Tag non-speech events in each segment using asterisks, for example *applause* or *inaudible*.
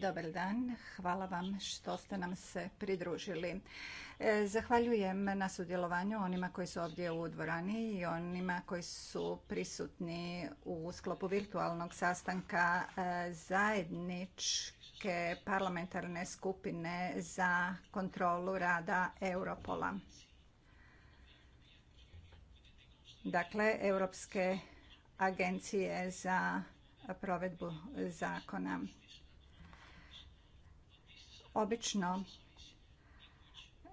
Dobar dan, hvala vam što ste nam se pridružili. E, zahvaljujem na sudjelovanju onima koji su ovdje u dvorani i onima koji su prisutni u sklopu virtualnog sastanka e, zajedničke parlamentarne skupine za kontrolu rada Europola. Dakle, Europske agencije za provedbu zakona. Obično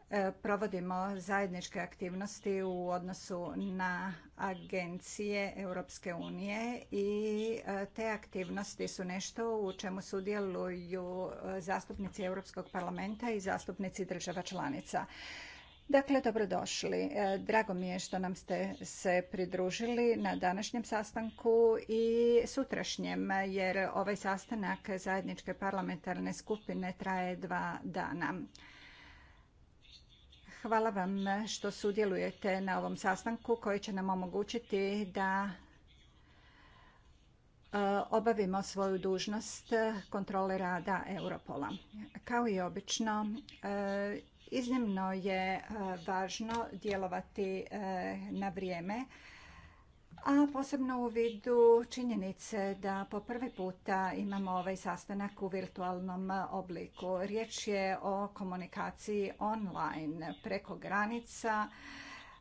e, provodimo zajedničke aktivnosti u odnosu na agencije Europske unije i e, te aktivnosti su nešto u čemu sudjeluju zastupnici Europskog parlamenta i zastupnici država članica. Dakle, dobrodošli. E, drago mi je što nam ste se pridružili na današnjem sastanku i sutrašnjem, jer ovaj sastanak zajedničke parlamentarne skupine traje dva dana. Hvala vam što sudjelujete na ovom sastanku koji će nam omogućiti da e, obavimo svoju dužnost kontrole rada Europola. Kao i obično, e, Iznimno je e, važno djelovati e, na vrijeme, a posebno u vidu činjenice da po prvi puta imamo ovaj sastanak u virtualnom e, obliku. Riječ je o komunikaciji online preko granica,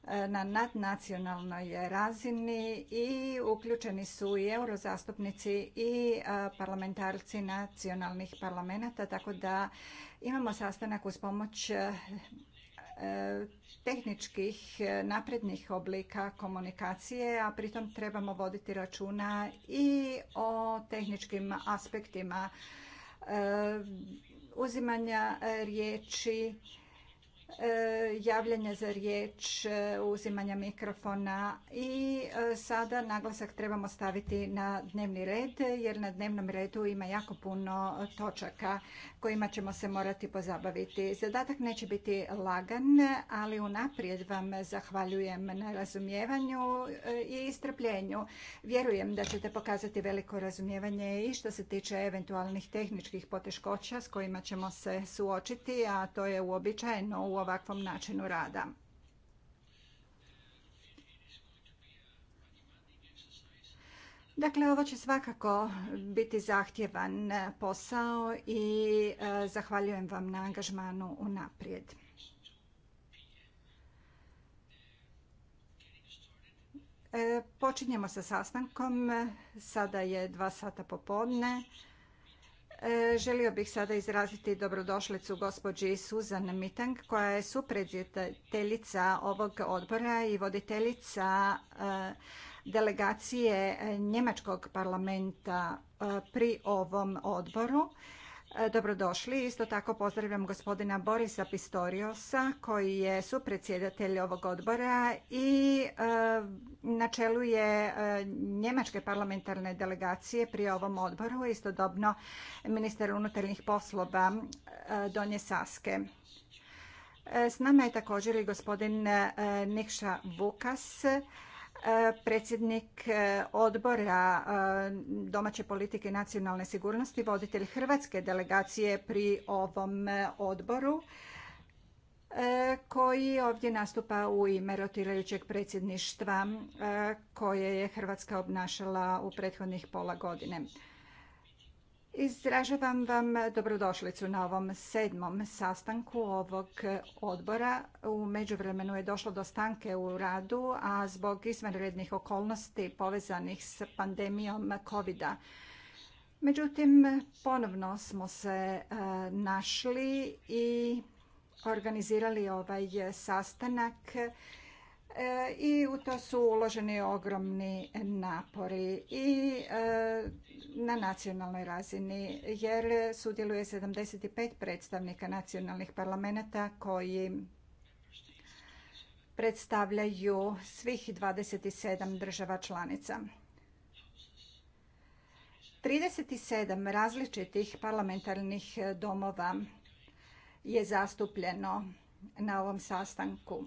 E, na nadnacionalnoj razini i uključeni su i eurozastupnici i e, parlamentarci nacionalnih parlamenta, tako da imamo sastanak uz pomoć e, tehničkih naprednih oblika komunikacije, a pritom trebamo voditi računa i o tehničkim aspektima uzimanja riječi E, javljanja za riječ, e, uzimanja mikrofona i e, sada naglasak trebamo staviti na dnevni red jer na dnevnom redu ima jako puno točaka kojima ćemo se morati pozabaviti. Zadatak neće biti lagan, ali unaprijed vam zahvaljujem na razumijevanju i strpljenju. Vjerujem da ćete pokazati veliko razumijevanje i što se tiče eventualnih tehničkih poteškoća s kojima ćemo se suočiti, a to je uobičajeno u ovakvom načinu rada. Dakle, ovo će svakako biti zahtjevan posao i e, zahvaljujem vam na angažmanu unaprijed. E, počinjemo sa sastankom. Sada je dva sata popodne. E, želio bih sada izraziti dobrodošlicu gospođi Susan Mitang koja je supredjeteljica ovog odbora i voditeljica e, delegacije Njemačkog parlamenta e, pri ovom odboru. E, dobrodošli. Isto tako pozdravljam gospodina Borisa Pistoriosa koji je supredsjedatelj ovog odbora i e, na čelu je e, njemačke parlamentarne delegacije pri ovom odboru, istodobno ministar unutarnjih poslova Donje Saske. S nama je također i gospodin Nikša Vukas, predsjednik e, odbora e, domaće politike nacionalne sigurnosti, voditelj hrvatske delegacije pri ovom e, odboru koji ovdje nastupa u ime rotirajućeg predsjedništva koje je Hrvatska obnašala u prethodnih pola godine. Izražavam vam dobrodošlicu na ovom sedmom sastanku ovog odbora. U međuvremenu je došlo do stanke u radu, a zbog izvanrednih okolnosti povezanih s pandemijom covid -a. Međutim, ponovno smo se e, našli i organizirali ovaj sastanak E, i u to su uloženi ogromni napori i e, na nacionalnoj razini jer sudjeluje 75 predstavnika nacionalnih parlamenta koji predstavljaju svih 27 država članica. 37 različitih parlamentarnih domova je zastupljeno na ovom sastanku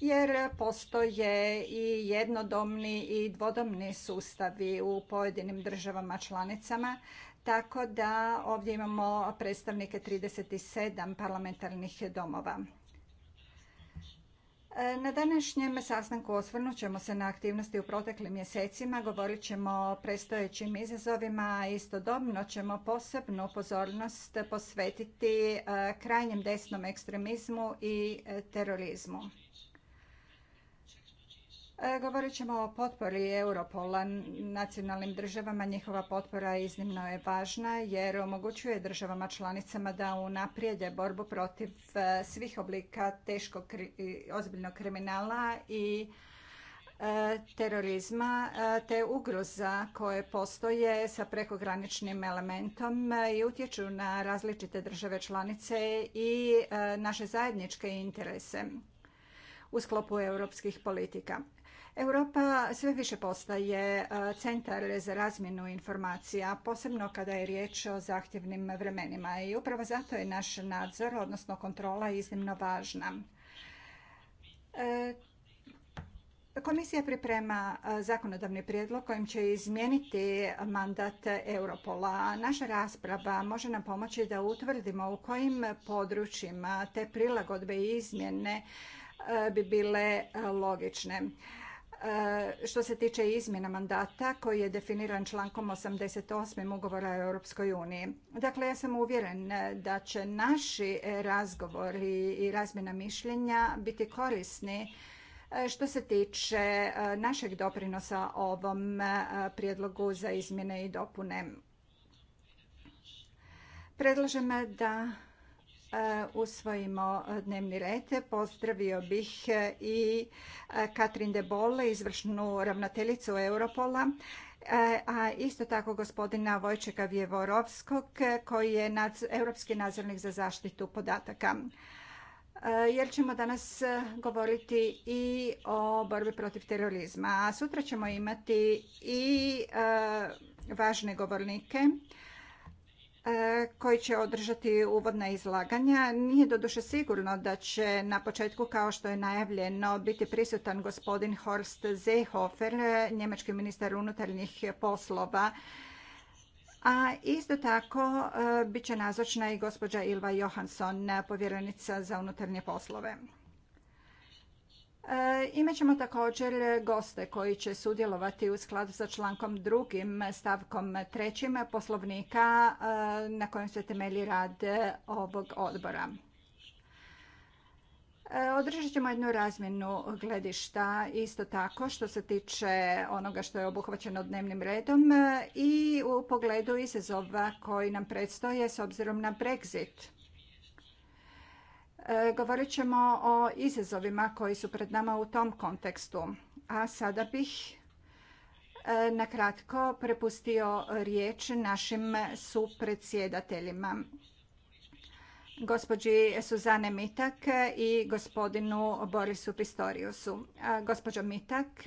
jer postoje i jednodomni i dvodomni sustavi u pojedinim državama članicama, tako da ovdje imamo predstavnike 37 parlamentarnih domova. E, na današnjem sastanku osvrnut ćemo se na aktivnosti u proteklim mjesecima, govorit ćemo o prestojećim izazovima, a istodobno ćemo posebnu pozornost posvetiti e, krajnjem desnom ekstremizmu i e, terorizmu. E, govorit ćemo o potpori Europola nacionalnim državama. Njihova potpora iznimno je važna jer omogućuje državama članicama da unaprijede borbu protiv e, svih oblika teškog ozbiljnog kriminala i e, terorizma te ugroza koje postoje sa prekograničnim elementom i utječu na različite države članice i naše zajedničke interese u sklopu europskih politika. Europa sve više postaje e, centar za razmjenu informacija, posebno kada je riječ o zahtjevnim vremenima i upravo zato je naš nadzor, odnosno kontrola, iznimno važna. E, komisija priprema e, zakonodavni prijedlog kojim će izmijeniti mandat Europola. naša rasprava može nam pomoći da utvrdimo u kojim područjima te prilagodbe i izmjene bi bile logične. E, što se tiče izmjena mandata koji je definiran člankom 88. ugovora o Europskoj uniji. Dakle, ja sam uvjeren e, da će naši razgovori i razmjena mišljenja biti korisni e, što se tiče našeg doprinosa ovom prijedlogu za izmjene i dopune. Predlažem da E, usvojimo e, dnevni red, pozdravio bih e, i Katrin de Bolle, izvršnu ravnateljicu Europola, a isto tako gospodina Vojčeka Vjevorovskog koji je europski nadzornik za zaštitu podataka jer ćemo danas govoriti i o borbi protiv terorizma. A sutra ćemo imati i važne govornike E, koji će održati uvodna izlaganja. Nije doduše sigurno da će na početku, kao što je najavljeno, biti prisutan gospodin Horst Seehofer, njemački ministar unutarnjih poslova, a isto tako e, bit će nazočna i gospođa Ilva Johansson, povjerenica za unutarnje poslove. E, imat ćemo također goste koji će sudjelovati u skladu sa člankom drugim stavkom trećim poslovnika e, na kojem se temelji rad ovog odbora. E, održat ćemo jednu razmjenu gledišta isto tako što se tiče onoga što je obuhvaćeno dnevnim redom i u pogledu izazova koji nam predstoje s obzirom na Brexit. E, govorit ćemo o izazovima koji su pred nama u tom kontekstu. A sada bih e, nakratko prepustio riječ našim supredsjedateljima. Gospođi Suzane Mitak i gospodinu Borisu Pistoriusu. E, gospođo Mitak,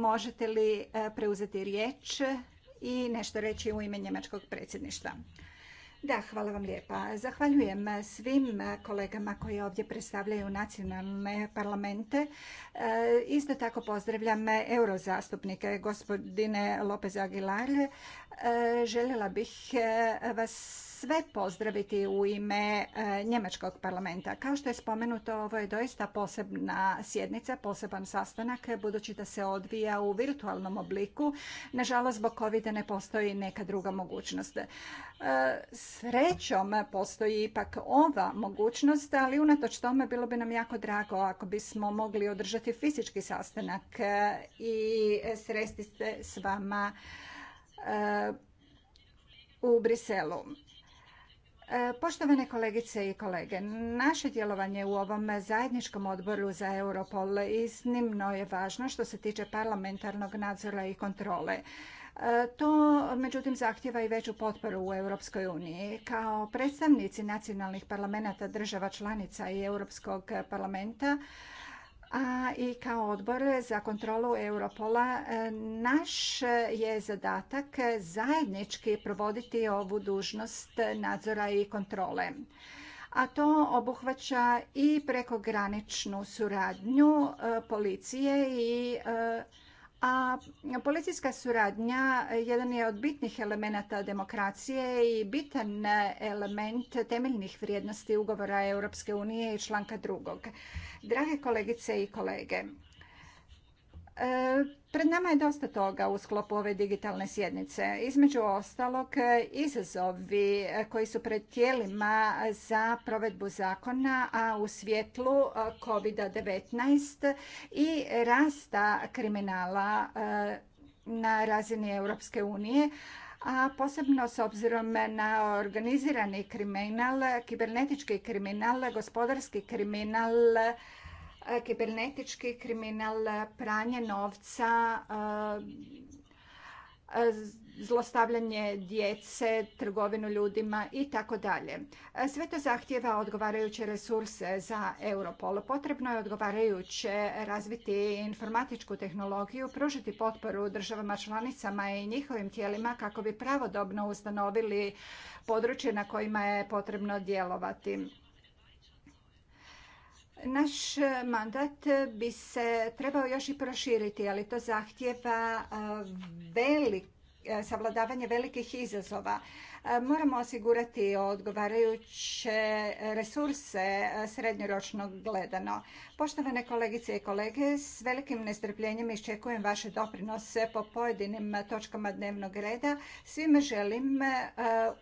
možete li preuzeti riječ i nešto reći u ime njemačkog predsjedništva? Da, hvala vam lijepa. Zahvaljujem svim kolegama koji ovdje predstavljaju nacionalne parlamente. E, isto tako pozdravljam eurozastupnike, gospodine Lopez Aguilar. E, željela bih e, vas sve pozdraviti u ime e, Njemačkog parlamenta. Kao što je spomenuto, ovo je doista posebna sjednica, poseban sastanak, budući da se odvija u virtualnom obliku. Nažalost, zbog covid ne postoji neka druga mogućnost. E, srećom postoji ipak ova mogućnost, ali unatoč tome bilo bi nam jako drago ako bismo mogli održati fizički sastanak e, i sresti se s vama u Briselu. Poštovane kolegice i kolege, naše djelovanje u ovom zajedničkom odboru za Europol iznimno je važno što se tiče parlamentarnog nadzora i kontrole. To međutim zahtjeva i veću potporu u Europskoj uniji. Kao predstavnici nacionalnih parlamenta država članica i Europskog parlamenta a i kao odbor za kontrolu Europola e, naš je zadatak zajednički provoditi ovu dužnost nadzora i kontrole. A to obuhvaća i prekograničnu suradnju e, policije i e, a policijska suradnja jedan je od bitnih elemenata demokracije i bitan element temeljnih vrijednosti ugovora Europske unije i članka drugog. Drage kolegice i kolege, E, pred nama je dosta toga u sklopu ove digitalne sjednice. Između ostalog, e, izazovi e, koji su pred tijelima za provedbu zakona, a u svjetlu COVID-19 i rasta kriminala na razini Europske unije, a posebno s obzirom na organizirani kriminal, kibernetički kriminal, gospodarski kriminal, E, kibernetički kriminal, pranje novca, e, e, zlostavljanje djece, trgovinu ljudima i tako dalje. Sve to zahtjeva odgovarajuće resurse za Europol. Potrebno je odgovarajuće razviti informatičku tehnologiju, pružiti potporu državama članicama i njihovim tijelima kako bi pravodobno ustanovili područje na kojima je potrebno djelovati. Naš mandat bi se trebao još i proširiti, ali to zahtjeva e, velik E, savladavanje velikih izazova. E, moramo osigurati odgovarajuće resurse e, srednjoročno gledano. Poštovane kolegice i kolege, s velikim nestrpljenjem iščekujem vaše doprinose po pojedinim točkama dnevnog reda. Svime želim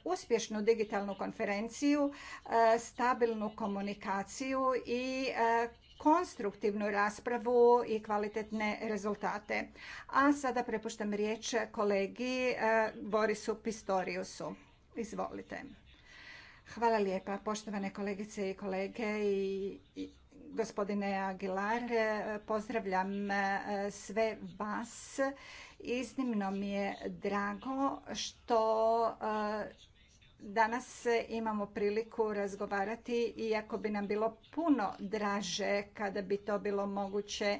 uspješnu digitalnu konferenciju, stabilnu komunikaciju i konstruktivnu raspravu i kvalitetne rezultate. A sada prepuštam riječ kolegi e, Borisu Pistoriusu. Izvolite. Hvala lijepa, poštovane kolegice i kolege i gospodine Aguilar. E, pozdravljam e, sve vas. Iznimno mi je drago što Danas imamo priliku razgovarati, iako bi nam bilo puno draže kada bi to bilo moguće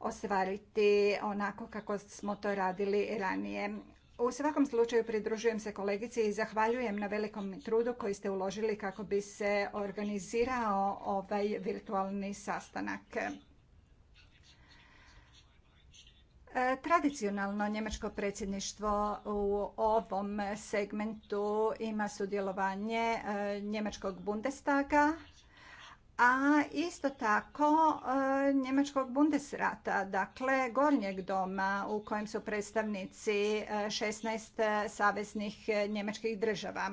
ostvariti onako kako smo to radili ranije. U svakom slučaju pridružujem se kolegici i zahvaljujem na velikom trudu koji ste uložili kako bi se organizirao ovaj virtualni sastanak. E, tradicionalno njemačko predsjedništvo u ovom segmentu ima sudjelovanje e, njemačkog Bundestaga, a isto tako e, njemačkog Bundesrata, dakle gornjeg doma u kojem su predstavnici 16 saveznih njemačkih država.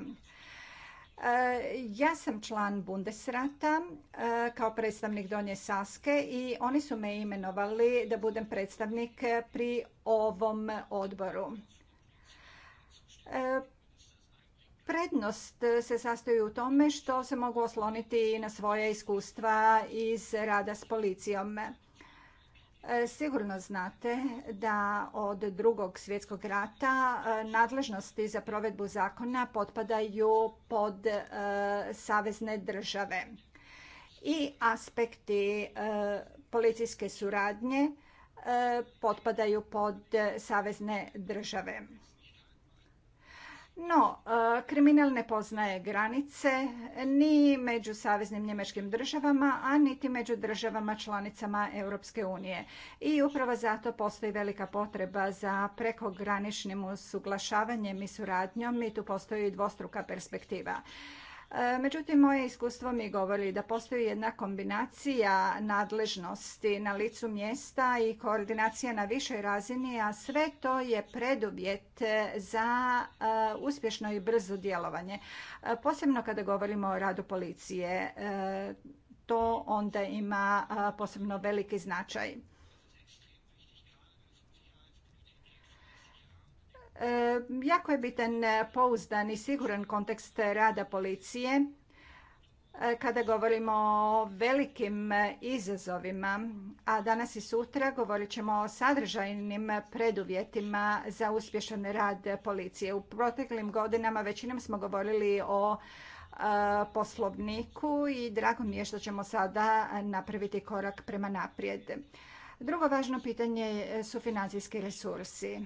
E, ja sam član Bundesrata e, kao predstavnik Donje Saske i oni su me imenovali da budem predstavnik pri ovom odboru. E, prednost se sastoji u tome što se mogu osloniti na svoja iskustva iz rada s policijom. E, sigurno znate da od drugog svjetskog rata e, nadležnosti za provedbu zakona potpadaju pod e, savezne države i aspekti policijske suradnje potpadaju pod savezne države. No, e, kriminal ne poznaje granice ni među saveznim njemačkim državama, a niti među državama članicama Europske unije. I upravo zato postoji velika potreba za prekograničnim usuglašavanjem i suradnjom i tu postoji dvostruka perspektiva. E, međutim, moje iskustvo mi govori da postoji jedna kombinacija nadležnosti na licu mjesta i koordinacija na višoj razini, a sve to je preduvjet za e, uspješno i brzo djelovanje. E, posebno kada govorimo o radu policije, to onda ima posebno veliki značaj. E, jako je bitan e, pouzdan i siguran kontekst rada policije e, kada govorimo o velikim izazovima, a danas i sutra govorit ćemo o sadržajnim preduvjetima za uspješan rad policije. U proteklim godinama većinom smo govorili o poslovniku i drago mi je što ćemo sada napraviti korak prema naprijed. Drugo važno pitanje su financijski resursi.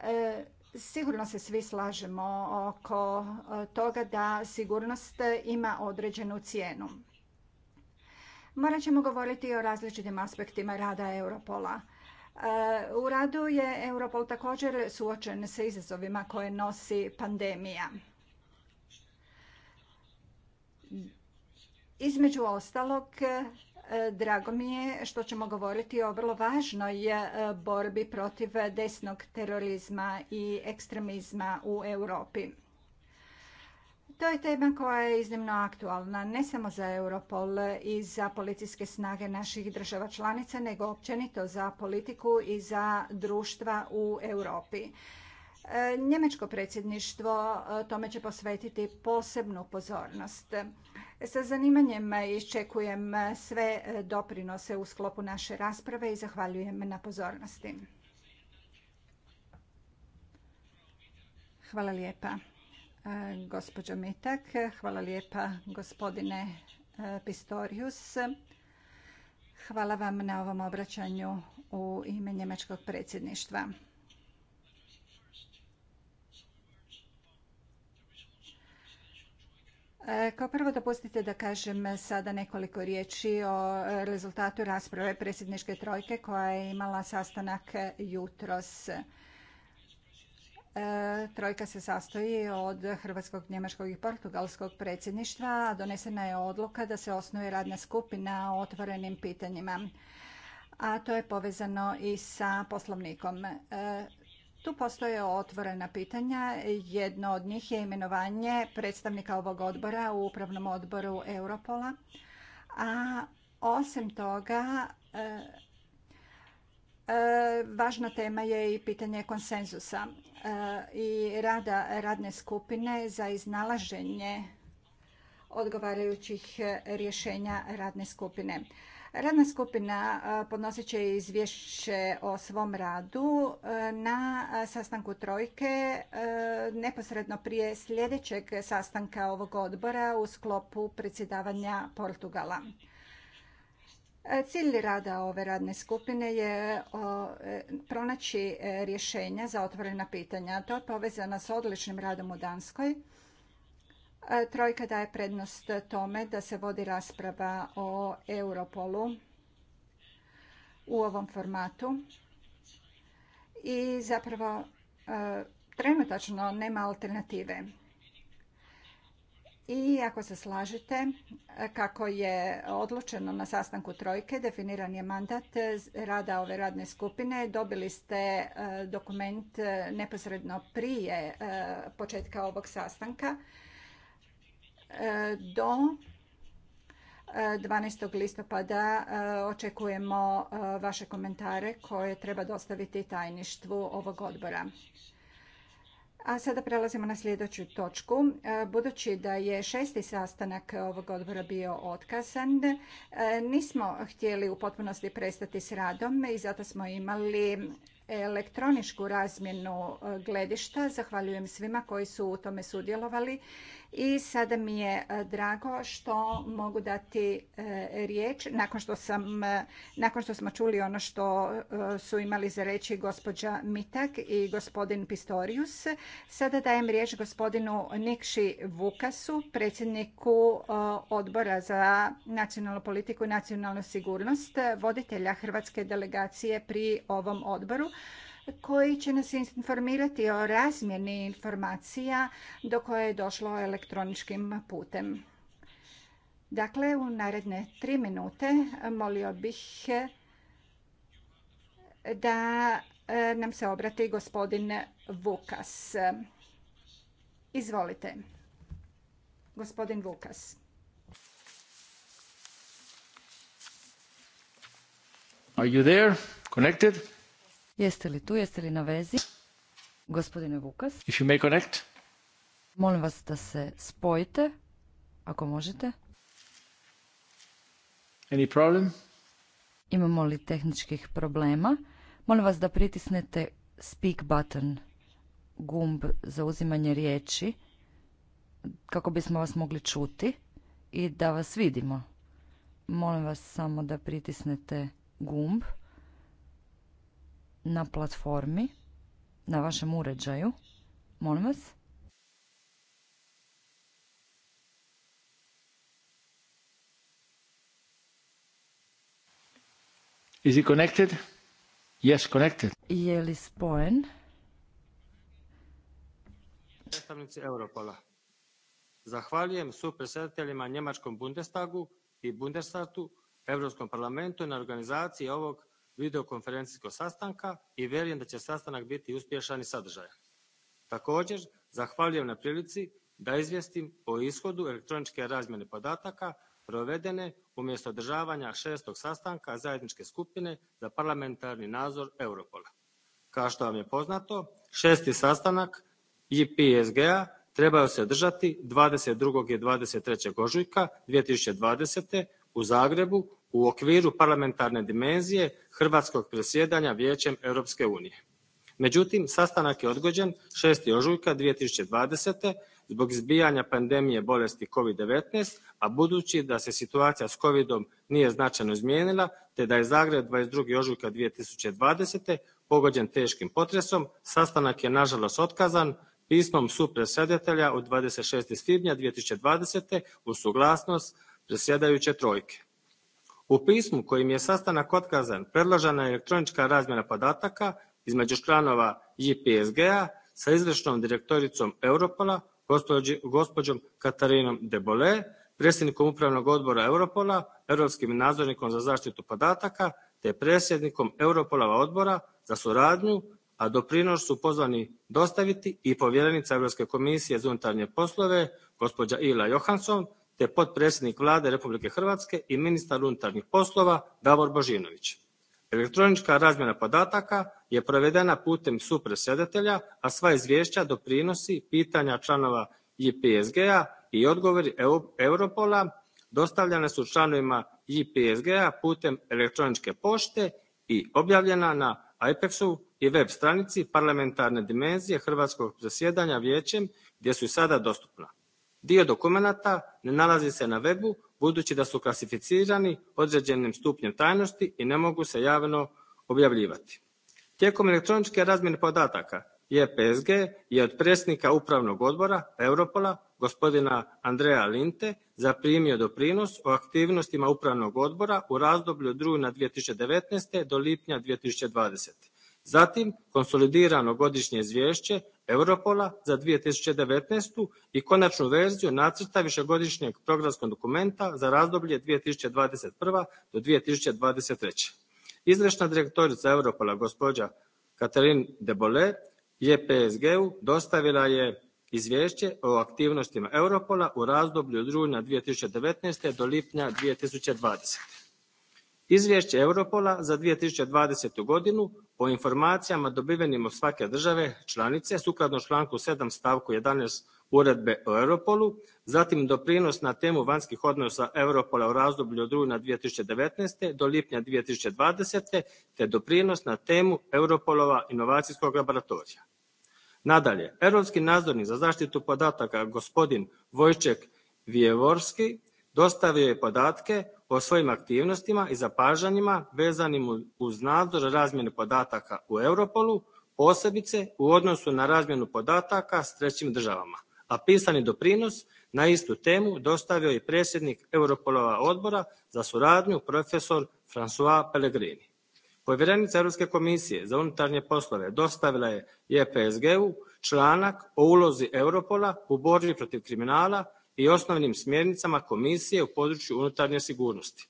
E, sigurno se svi slažemo oko e, toga da sigurnost ima određenu cijenu. Morat ćemo govoriti o različitim aspektima rada Europola. E, u radu je Europol također suočen sa izazovima koje nosi pandemija. Između ostalog, Drago mi je što ćemo govoriti o vrlo važnoj e, borbi protiv desnog terorizma i ekstremizma u Europi. To je tema koja je iznimno aktualna ne samo za Europol i za policijske snage naših država članica, nego općenito za politiku i za društva u Europi. E, njemačko predsjedništvo e, tome će posvetiti posebnu pozornost. Sa zanimanjem iščekujem sve e, doprinose u sklopu naše rasprave i zahvaljujem na pozornosti. Hvala lijepa e, gospođo Mitak, hvala lijepa gospodine e, Pistorius. Hvala vam na ovom obraćanju u ime njemačkog predsjedništva. E, kao prvo dopustite da kažem sada nekoliko riječi o rezultatu rasprave predsjedničke trojke koja je imala sastanak jutros. E, trojka se sastoji od hrvatskog, njemačkog i portugalskog predsjedništva, a donesena je odluka da se osnuje radna skupina o otvorenim pitanjima, a to je povezano i sa poslovnikom. E, tu postoje otvorena pitanja. Jedno od njih je imenovanje predstavnika ovog odbora u upravnom odboru Europola. A osim toga, e, e, Važna tema je i pitanje konsenzusa e, i rada radne skupine za iznalaženje odgovarajućih rješenja radne skupine. Radna skupina e, podnosit će izvješće o svom radu e, na e, sastanku trojke neposredno prije sljedećeg sastanka ovog odbora u sklopu predsjedavanja Portugala. Cilj rada ove radne skupine je pronaći rješenja za otvorena pitanja. To je povezano s odličnim radom u Danskoj Trojka daje prednost tome da se vodi rasprava o Europolu u ovom formatu i zapravo e, trenutačno nema alternative. I ako se slažete, kako je odlučeno na sastanku trojke, definiran je mandat rada ove radne skupine. Dobili ste e, dokument neposredno prije e, početka ovog sastanka do 12. E, listopada e, očekujemo e, vaše komentare koje treba dostaviti tajništvu ovog odbora. A sada prelazimo na sljedeću točku. Budući da je šesti sastanak ovog odbora bio otkazan, nismo htjeli u potpunosti prestati s radom i zato smo imali elektroničku razmjenu gledišta. Zahvaljujem svima koji su u tome sudjelovali i sada mi je e, drago što mogu dati e, riječ nakon što, sam, e, nakon što smo čuli ono što su imali za reći gospođa Mitak i gospodin Pistorius. Sada dajem riječ gospodinu Nikši Vukasu, predsjedniku odbora za nacionalnu politiku i nacionalnu sigurnost, voditelja hrvatske delegacije pri ovom odboru koji će nas informirati o razmjeni informacija do koje je došlo elektroničkim putem. Dakle, u naredne tri minute molio bih eh, da eh, nam se obrati gospodin Vukas. Izvolite. Gospodin Vukas. Are you there? Connected? Jeste li tu, jeste li na vezi? Gospodine Vukas. If you may connect. Molim vas da se spojite, ako možete. Any problem? Imamo li tehničkih problema? Molim vas da pritisnete speak button, gumb za uzimanje riječi, kako bismo vas mogli čuti i da vas vidimo. Molim vas samo da pritisnete gumb na platformi, na vašem uređaju. Molim vas. Is it connected? Yes, connected. Je li spojen? Predstavnici Europola. Zahvaljujem su Njemačkom Bundestagu i Bundestatu, Europskom parlamentu na organizaciji ovog videokonferencijskog sastanka i vjerujem da će sastanak biti uspješan i sadržajan. Također, zahvaljujem na prilici da izvijestim o ishodu elektroničke razmjene podataka provedene umjesto održavanja šestog sastanka zajedničke skupine za parlamentarni nadzor Europola. Kao što vam je poznato, šesti sastanak ipsg a trebao se održati 22. i 23. ožujka 2020. u Zagrebu u okviru parlamentarne dimenzije hrvatskog predsjedanja Vijećem Europske unije. Međutim, sastanak je odgođen 6. ožujka 2020. zbog izbijanja pandemije bolesti COVID-19, a budući da se situacija s covidom nije značajno izmijenila, te da je Zagreb 22. ožujka 2020. pogođen teškim potresom, sastanak je nažalost otkazan pismom supredsjedatelja od 26. svibnja 2020. u suglasnost predsjedajuće trojke. U pismu kojim je sastanak otkazan predložena je elektronička razmjena podataka između članova JPSG-a sa izvršnom direktoricom Europola gospođom Katarinom Debole, predsjednikom Upravnog odbora Europola, europskim nadzornikom za zaštitu podataka te predsjednikom Europolova odbora za suradnju, a doprinos su pozvani dostaviti i povjerenica Europske komisije za unutarnje poslove gospođa Ila Johansson te potpredsjednik Vlade Republike Hrvatske i ministar unutarnjih poslova Davor Božinović. Elektronička razmjena podataka je provedena putem supredsjedatelja, a sva izvješća, doprinosi, pitanja članova ipsg a i odgovori e Europola dostavljane su članovima JPSG-a putem elektroničke pošte i objavljena na IPEX-u i web stranici parlamentarne dimenzije hrvatskog zasjedanja vijećem gdje su i sada dostupna. Dio dokumenata ne nalazi se na webu budući da su klasificirani određenim stupnjem tajnosti i ne mogu se javno objavljivati. Tijekom elektroničke razmjene podataka JPSG je od predsjednika Upravnog odbora Europola gospodina Andreja Linte zaprimio doprinos o aktivnostima Upravnog odbora u razdoblju od rujna 2019. do lipnja 2020. Zatim konsolidirano godišnje izvješće Europola za 2019. i konačnu verziju nacrta višegodišnjeg programskog dokumenta za razdoblje 2021. do 2023. Izvršna direktorica Europola gospođa Katarin Debole psg u dostavila je izvješće o aktivnostima Europola u razdoblju od rujna 2019. do lipnja 2020. Izvješće Europola za 2020. godinu po informacijama dobivenim od svake države članice sukladno članku 7 stavku 11 uredbe o Europolu, zatim doprinos na temu vanjskih odnosa Europola u razdoblju od rujna 2019. do lipnja 2020. te doprinos na temu Europolova inovacijskog laboratorija. Nadalje, europski nadzornik za zaštitu podataka gospodin Vojček Vijevorski dostavio je podatke o svojim aktivnostima i zapažanjima vezanim uz nadzor razmjene podataka u Europolu, posebice u odnosu na razmjenu podataka s trećim državama, a pisani doprinos na istu temu dostavio je predsjednik Europolova odbora za suradnju profesor François Pellegrini. Povjerenica Europske komisije za unutarnje poslove dostavila je EPSG u članak o ulozi Europola u borbi protiv kriminala i osnovnim smjernicama Komisije u području unutarnje sigurnosti.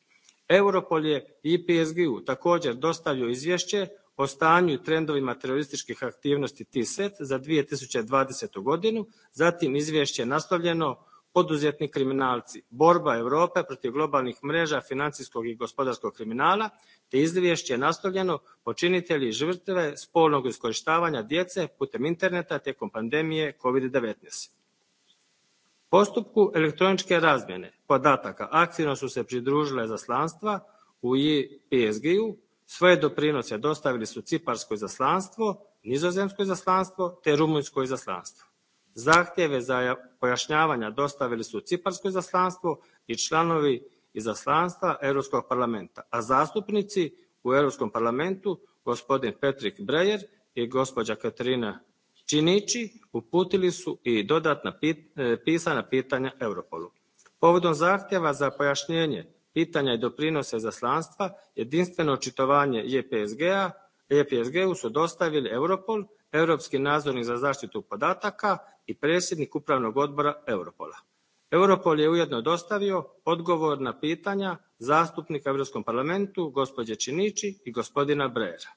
Europol je IPSG-u također dostavio izvješće o stanju i trendovima terorističkih aktivnosti TISET e za 2020. godinu, zatim izvješće nastavljeno poduzetni kriminalci, borba Europe protiv globalnih mreža financijskog i gospodarskog kriminala, te izvješće je nastavljeno počinitelji žrtve spolnog iskorištavanja djece putem interneta tijekom pandemije COVID-19 postupku elektroničke razmjene podataka aktivno su se pridružile izaslanstva u IPSG-u, svoje doprinose dostavili su Ciparsko izaslanstvo, Nizozemsko zaslanstvo te Rumunjsko izaslanstvo. Zahtjeve za pojašnjavanja dostavili su Ciparsko izaslanstvo i članovi izaslanstva Europskog parlamenta, a zastupnici u Europskom parlamentu gospodin Petrik Breyer i gospođa Katarina Činići uputili su i dodatna e, pisana pitanja Europolu. Povodom zahtjeva za pojašnjenje pitanja i doprinose zaslanstva, jedinstveno očitovanje EPSG-u e su dostavili Europol, Europski nadzornik za zaštitu podataka i predsjednik upravnog odbora Europola. Europol je ujedno dostavio odgovor na pitanja zastupnika Europskom parlamentu gospođe Činići i gospodina Brejera.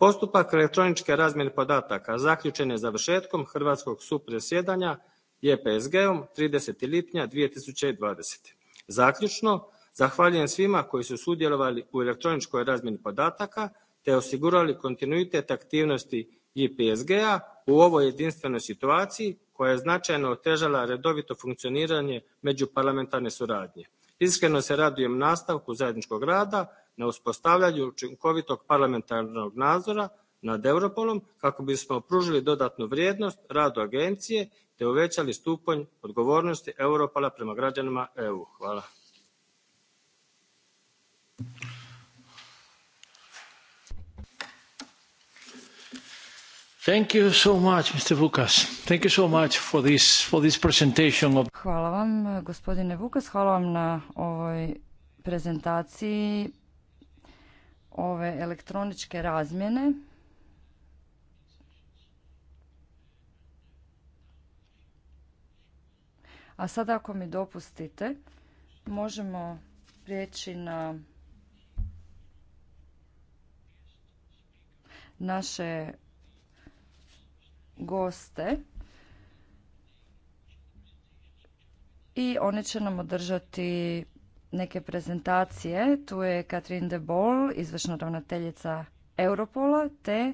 Postupak elektroničke razmjene podataka zaključen je završetkom hrvatskog supresjedanja JPSG-om 30. lipnja 2020. Zaključno, zahvaljujem svima koji su sudjelovali u elektroničkoj razmjeni podataka te osigurali kontinuitet aktivnosti JPSG-a u ovoj jedinstvenoj situaciji koja je značajno otežala redovito funkcioniranje međuparlamentarne suradnje. Iskreno se radujem nastavku zajedničkog rada na uspostavljanju učinkovitog parlamentarnog nadzora nad Europolom kako bismo pružili dodatnu vrijednost radu agencije te uvećali stupanj odgovornosti Europola prema građanima EU. Hvala. Hvala vam, gospodine Vukas. Hvala vam na ovoj prezentaciji ove elektroničke razmjene A sada ako mi dopustite, možemo prijeći na naše goste i one će nam održati neke prezentacije. Tu je Katrin de Bol, izvršna ravnateljica Europola, te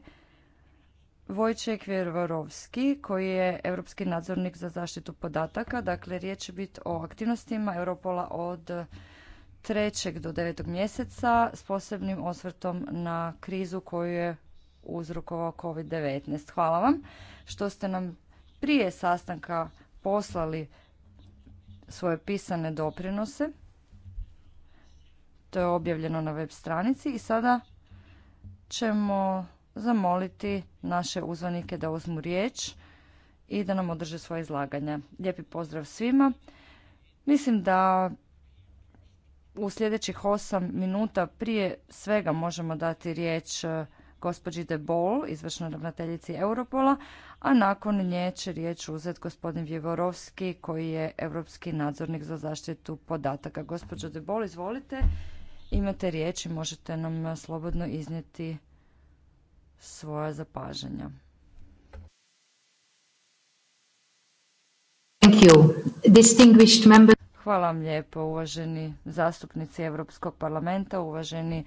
Vojček Vjervorovski, koji je europski nadzornik za zaštitu podataka. Dakle, riječ će biti o aktivnostima Europola od 3. do 9. mjeseca s posebnim osvrtom na krizu koju je uzrokovao COVID-19. Hvala vam što ste nam prije sastanka poslali svoje pisane doprinose. To je objavljeno na web stranici i sada ćemo zamoliti naše uzvanike da uzmu riječ i da nam održe svoje izlaganja. Lijepi pozdrav svima. Mislim da u sljedećih osam minuta prije svega možemo dati riječ e, gospođi De Bol, izvršnoj ravnateljici Europola, a nakon nje će riječ uzeti gospodin Vjevorovski koji je europski nadzornik za zaštitu podataka. Gospođo De Bol, izvolite. Imate riječ možete nam slobodno iznijeti svoja zapažanja. Hvala vam lijepo uvaženi zastupnici Europskog parlamenta, uvaženi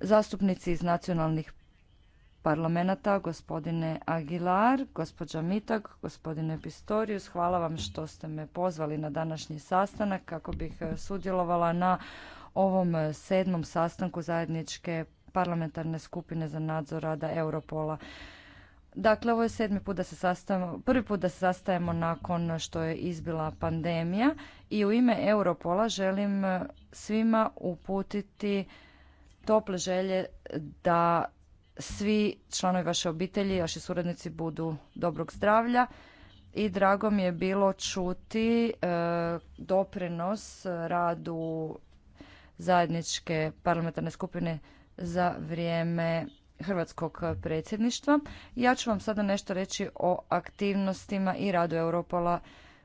zastupnici iz nacionalnih parlamenta, gospodine Aguilar, gospođa Mitak, gospodine Pistorius, hvala vam što ste me pozvali na današnji sastanak kako bih sudjelovala na ovom e, sedmom sastanku zajedničke parlamentarne skupine za nadzor rada Europola. Dakle, ovo je sedmi put da se prvi put da se sastajemo nakon što je izbila pandemija i u ime Europola želim e, svima uputiti tople želje da svi članovi vaše obitelji, vaši suradnici budu dobrog zdravlja i drago mi je bilo čuti e, doprinos radu zajedničke parlamentarne skupine za vrijeme hrvatskog predsjedništva. Ja ću vam sada nešto reći o aktivnostima i radu Europola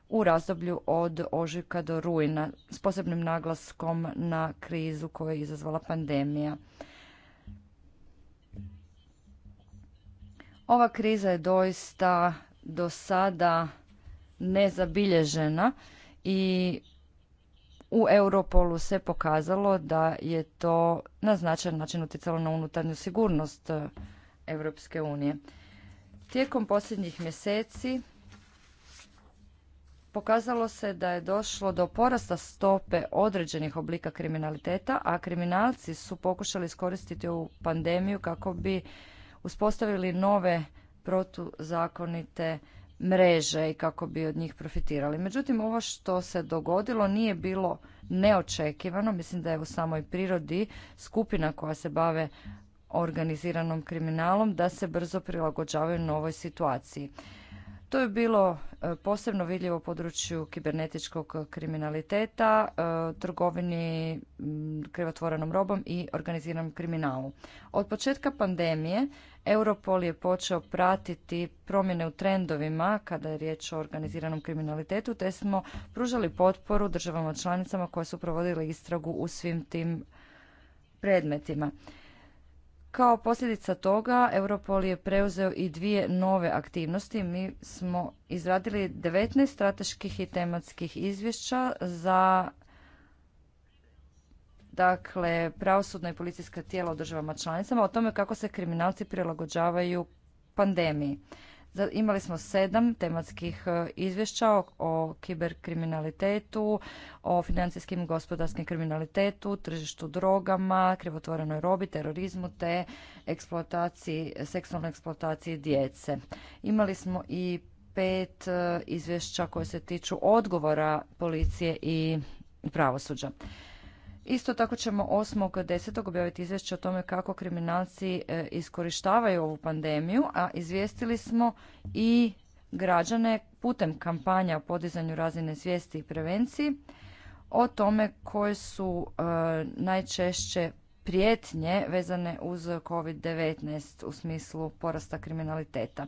u razdoblju od ožujka do rujna s posebnim naglaskom na krizu koju je izazvala pandemija. Ova kriza je doista do sada nezabilježena i u Europolu se pokazalo da je to na značajan način utjecalo na unutarnju sigurnost e, Europske unije. Tijekom posljednjih mjeseci pokazalo se da je došlo do porasta stope određenih oblika kriminaliteta, a kriminalci su pokušali iskoristiti ovu pandemiju kako bi uspostavili nove protuzakonite mreže i kako bi od njih profitirali. Međutim, ovo što se dogodilo nije bilo neočekivano. Mislim da je u samoj prirodi skupina koja se bave organiziranom kriminalom da se brzo prilagođavaju novoj situaciji. To je bilo e, posebno vidljivo u području kibernetičkog kriminaliteta, e, trgovini krivotvorenom robom i organiziranom kriminalu. Od početka pandemije Europol je počeo pratiti promjene u trendovima kada je riječ o organiziranom kriminalitetu, te smo pružali potporu državama članicama koje su provodile istragu u svim tim predmetima. Kao posljedica toga, Europol je preuzeo i dvije nove aktivnosti. Mi smo izradili 19 strateških i tematskih izvješća za dakle pravosudna i policijska tijela u državama članicama o tome kako se kriminalci prilagođavaju pandemiji. Imali smo sedam tematskih e, izvješća o, o kiberkriminalitetu, o financijskim i gospodarskim kriminalitetu, tržištu drogama, krivotvorenoj robi, terorizmu te eksploataciji, seksualnoj eksploataciji djece. Imali smo i pet e, izvješća koje se tiču odgovora policije i pravosuđa. Isto tako ćemo 8.10. objaviti izvješće o tome kako kriminalci e, iskorištavaju ovu pandemiju, a izvijestili smo i građane putem kampanja o podizanju razine svijesti i prevenciji o tome koje su e, najčešće prijetnje vezane uz COVID-19 u smislu porasta kriminaliteta.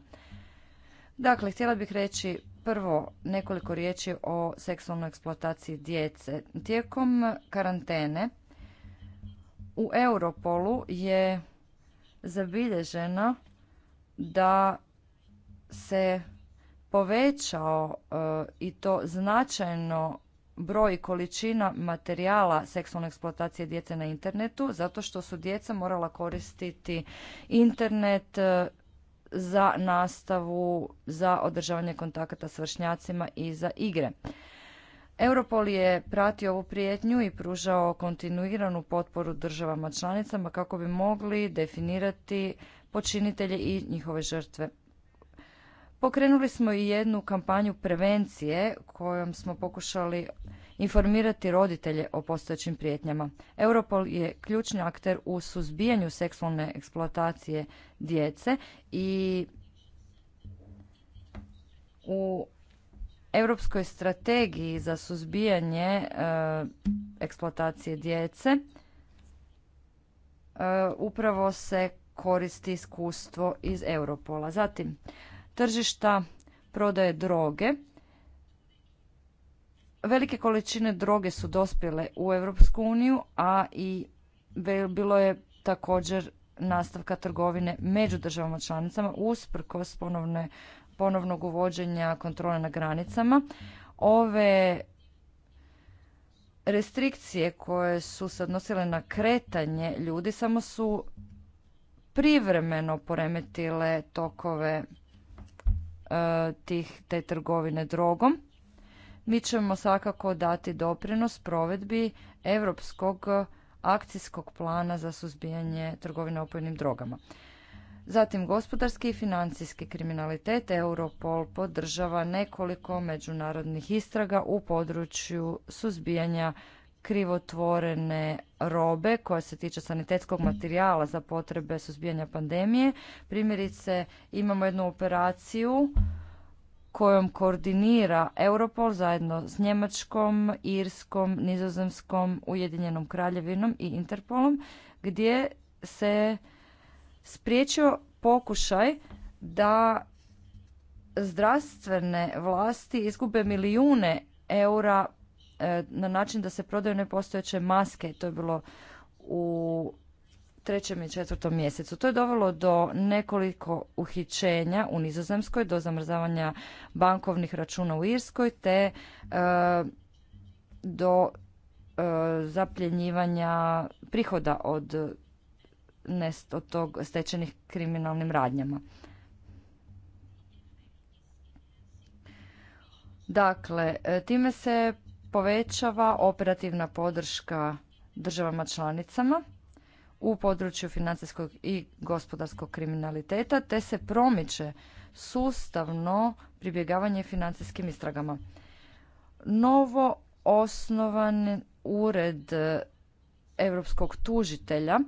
Dakle, htjela bih reći Prvo, nekoliko riječi o seksualnoj eksploataciji djece. Tijekom karantene u Europolu je zabilježeno da se povećao e, i to značajno broj i količina materijala seksualne eksploatacije djece na internetu zato što su djeca morala koristiti internet e, za nastavu, za održavanje kontakata s vršnjacima i za igre. Europol je pratio ovu prijetnju i pružao kontinuiranu potporu državama članicama kako bi mogli definirati počinitelje i njihove žrtve. Pokrenuli smo i jednu kampanju prevencije kojom smo pokušali informirati roditelje o postojećim prijetnjama. Europol je ključni akter u suzbijanju seksualne eksploatacije djece i u Europskoj strategiji za suzbijanje e, eksploatacije djece e, upravo se koristi iskustvo iz Europola. Zatim, tržišta prodaje droge. Velike količine droge su dospjele u Europsku uniju, a i bilo je također nastavka trgovine među državama članicama usprkos ponovne, ponovnog uvođenja kontrole na granicama. Ove restrikcije koje su se odnosile na kretanje ljudi samo su privremeno poremetile tokove e, tih, te trgovine drogom mi ćemo svakako dati doprinos provedbi Europskog akcijskog plana za suzbijanje trgovine opojnim drogama. Zatim gospodarski i financijski kriminalitet Europol podržava nekoliko međunarodnih istraga u području suzbijanja krivotvorene robe koja se tiče sanitetskog materijala za potrebe suzbijanja pandemije. Primjerice imamo jednu operaciju kojom koordinira Europol zajedno s Njemačkom, Irskom, Nizozemskom, Ujedinjenom kraljevinom i Interpolom gdje se spriječio pokušaj da zdravstvene vlasti izgube milijune eura e, na način da se prodaju nepostojeće maske. To je bilo u trećem i četvrtom mjesecu. To je dovelo do nekoliko uhićenja u Nizozemskoj, do zamrzavanja bankovnih računa u Irskoj, te e, do e, zapljenjivanja prihoda od, nest, od tog stečenih kriminalnim radnjama. Dakle, e, time se povećava operativna podrška državama članicama u području financijskog i gospodarskog kriminaliteta te se promiče sustavno pribjegavanje financijskim istragama. Novo osnovan ured e, europskog tužitelja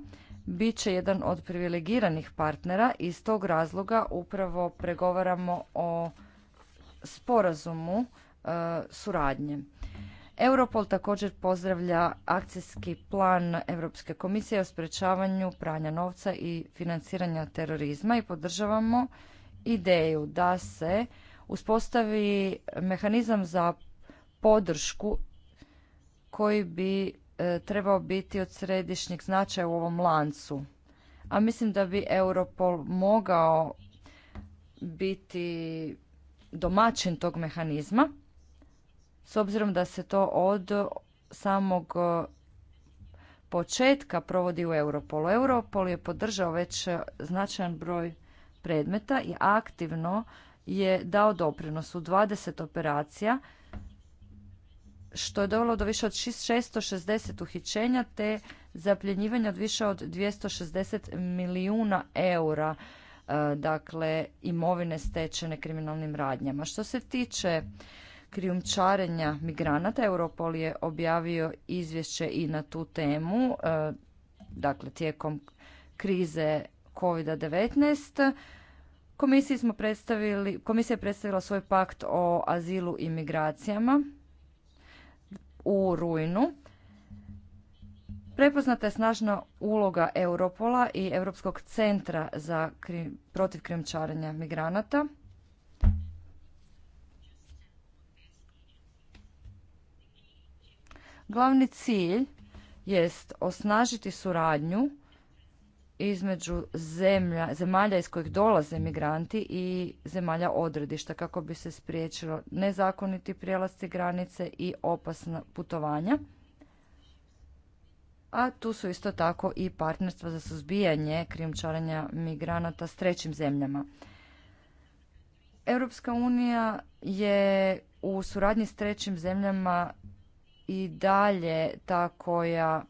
bit će jedan od privilegiranih partnera i iz tog razloga upravo pregovaramo o sporazumu e, suradnje. Europol također pozdravlja akcijski plan Europske komisije o sprečavanju pranja novca i financiranja terorizma i podržavamo ideju da se uspostavi mehanizam za podršku koji bi e, trebao biti od središnjeg značaja u ovom lancu. A mislim da bi Europol mogao biti domaćin tog mehanizma s obzirom da se to od samog e, početka provodi u Europolu. Europol je podržao već značajan broj predmeta i aktivno je dao doprinos u 20 operacija što je dovelo do više od 660 uhićenja te zapljenjivanja od više od 260 milijuna eura e, dakle imovine stečene kriminalnim radnjama. Što se tiče krijumčarenja migranata. Europol je objavio izvješće i na tu temu, e, dakle tijekom krize COVID-19. Komisiji smo predstavili, komisija je predstavila svoj pakt o azilu i migracijama u rujnu. Prepoznata je snažna uloga Europola i Europskog centra za protiv krijumčarenja migranata. Glavni cilj jest osnažiti suradnju između zemlja, zemalja iz kojih dolaze migranti i zemalja odredišta kako bi se spriječilo nezakoniti prijelasti granice i opasna putovanja. A tu su isto tako i partnerstva za suzbijanje krijumčarenja migranata s trećim zemljama. Europska unija je u suradnji s trećim zemljama i dalje ta koja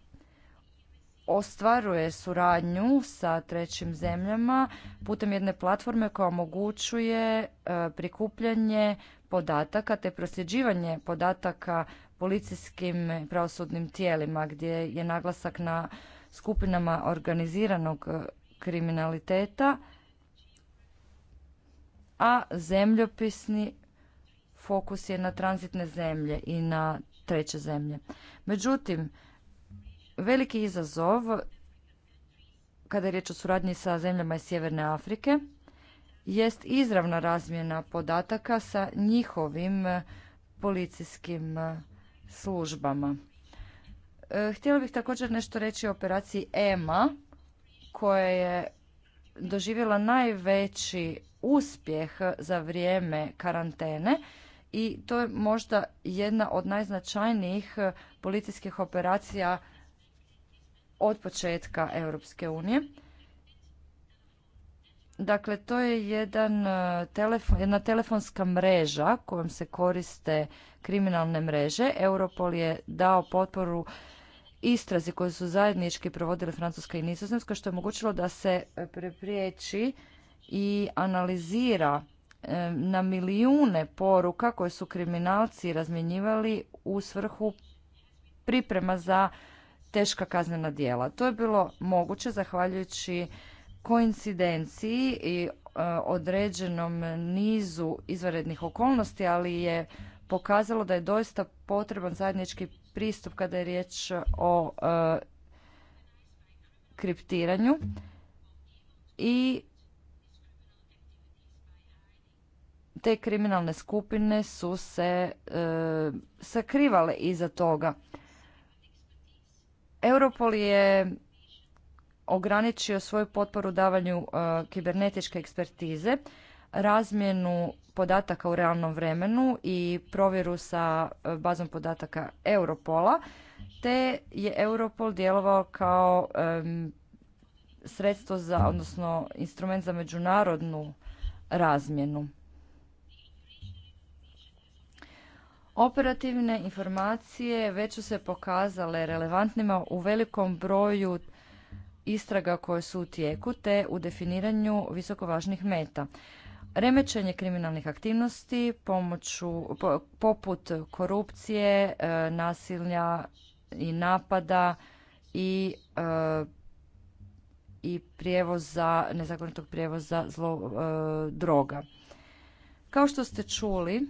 ostvaruje suradnju sa trećim zemljama putem jedne platforme koja omogućuje e, prikupljanje podataka te prosljeđivanje podataka policijskim pravosudnim tijelima gdje je naglasak na skupinama organiziranog e, kriminaliteta, a zemljopisni fokus je na tranzitne zemlje i na treće zemlje. Međutim, veliki izazov kada je riječ o suradnji sa zemljama iz Sjeverne Afrike jest izravna razmjena podataka sa njihovim e, policijskim e, službama. E, htjela bih također nešto reći o operaciji EMA koja je doživjela najveći uspjeh za vrijeme karantene i to je možda jedna od najznačajnijih e, policijskih operacija od početka Europske unije. Dakle, to je jedan e, telefon, jedna telefonska mreža kojom se koriste kriminalne mreže. Europol je dao potporu istrazi koje su zajednički provodile Francuska i Nizozemska, što je omogućilo da se e, prepriječi i analizira E, na milijune poruka koje su kriminalci razmjenjivali u svrhu priprema za teška kaznena djela. To je bilo moguće zahvaljujući koincidenciji i e, određenom nizu izvanrednih okolnosti, ali je pokazalo da je doista potreban zajednički pristup kada je riječ o e, kriptiranju i te kriminalne skupine su se e, sakrivale iza toga. Europol je ograničio svoju potporu davanju e, kibernetičke ekspertize, razmjenu podataka u realnom vremenu i provjeru sa e, bazom podataka Europola, te je Europol djelovao kao sredstvo za, odnosno instrument za međunarodnu razmjenu. Operativne informacije već su se pokazale relevantnima u velikom broju istraga koje su u tijeku te u definiranju visoko važnih meta. Remećenje kriminalnih aktivnosti pomoću, poput korupcije, e, nasilja i napada i e, i prijevoza, nezakonitog prijevoza zlo, e, droga. Kao što ste čuli,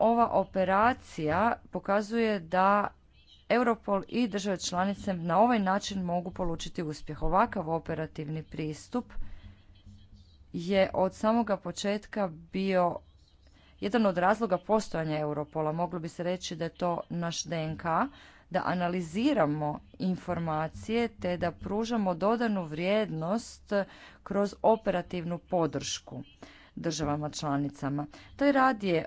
ova operacija pokazuje da Europol i države članice na ovaj način mogu polučiti uspjeh. Ovakav operativni pristup je od samoga početka bio jedan od razloga postojanja Europola. Moglo bi se reći da je to naš DNK, da analiziramo informacije te da pružamo dodanu vrijednost kroz operativnu podršku državama članicama. Taj rad je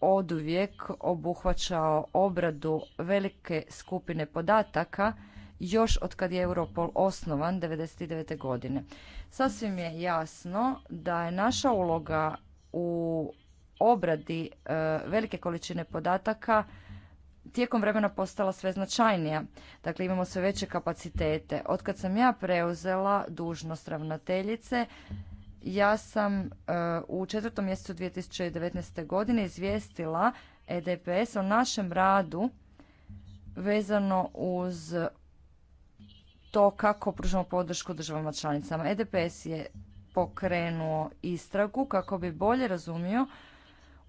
oduvijek obuhvaćao obradu velike skupine podataka još od kad je Europol osnovan 1999. godine. Sasvim je jasno da je naša uloga u obradi e, velike količine podataka tijekom vremena postala sve značajnija. Dakle, imamo sve veće kapacitete. Od kad sam ja preuzela dužnost ravnateljice, ja sam e, u četvrtom mjesecu 2019. godine izvijestila EDPS o našem radu vezano uz to kako pružamo podršku državama članicama. EDPS je pokrenuo istragu kako bi bolje razumio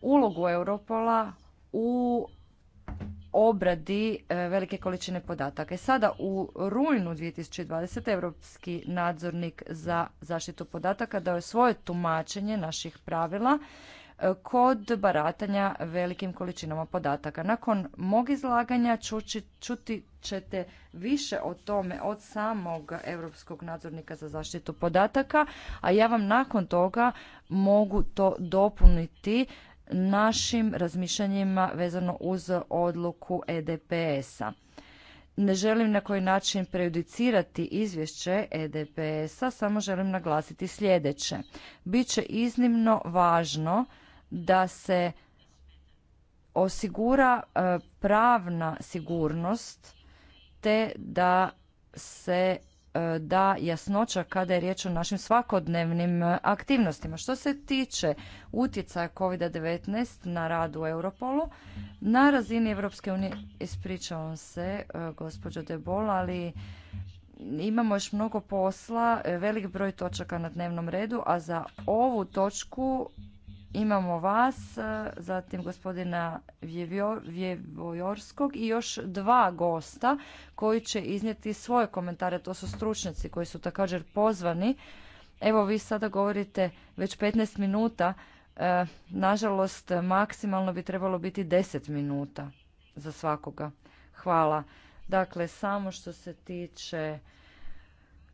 ulogu Europola u obradi e, velike količine podataka. E, sada u rujnu 2020. Europski nadzornik za zaštitu podataka dao je svoje tumačenje naših pravila e, kod baratanja velikim količinama podataka. Nakon mog izlaganja čuti ćete više o tome od samog Europskog nadzornika za zaštitu podataka, a ja vam nakon toga mogu to dopuniti našim razmišljanjima vezano uz odluku EDPS-a. Ne želim na koji način prejudicirati izvješće EDPS-a, samo želim naglasiti sljedeće. Biće iznimno važno da se osigura e, pravna sigurnost te da se E, da jasnoća kada je riječ o našim svakodnevnim e, aktivnostima. Što se tiče utjecaja COVID-19 na rad u Europolu, na razini Europske unije, ispričavam se e, gospođo Debol, ali imamo još mnogo posla, velik broj točaka na dnevnom redu, a za ovu točku Imamo vas, e, zatim gospodina Vjevojorskog i još dva gosta koji će iznijeti svoje komentare. To su stručnjaci koji su također pozvani. Evo vi sada govorite već 15 minuta. E, nažalost, maksimalno bi trebalo biti 10 minuta za svakoga. Hvala. Dakle, samo što se tiče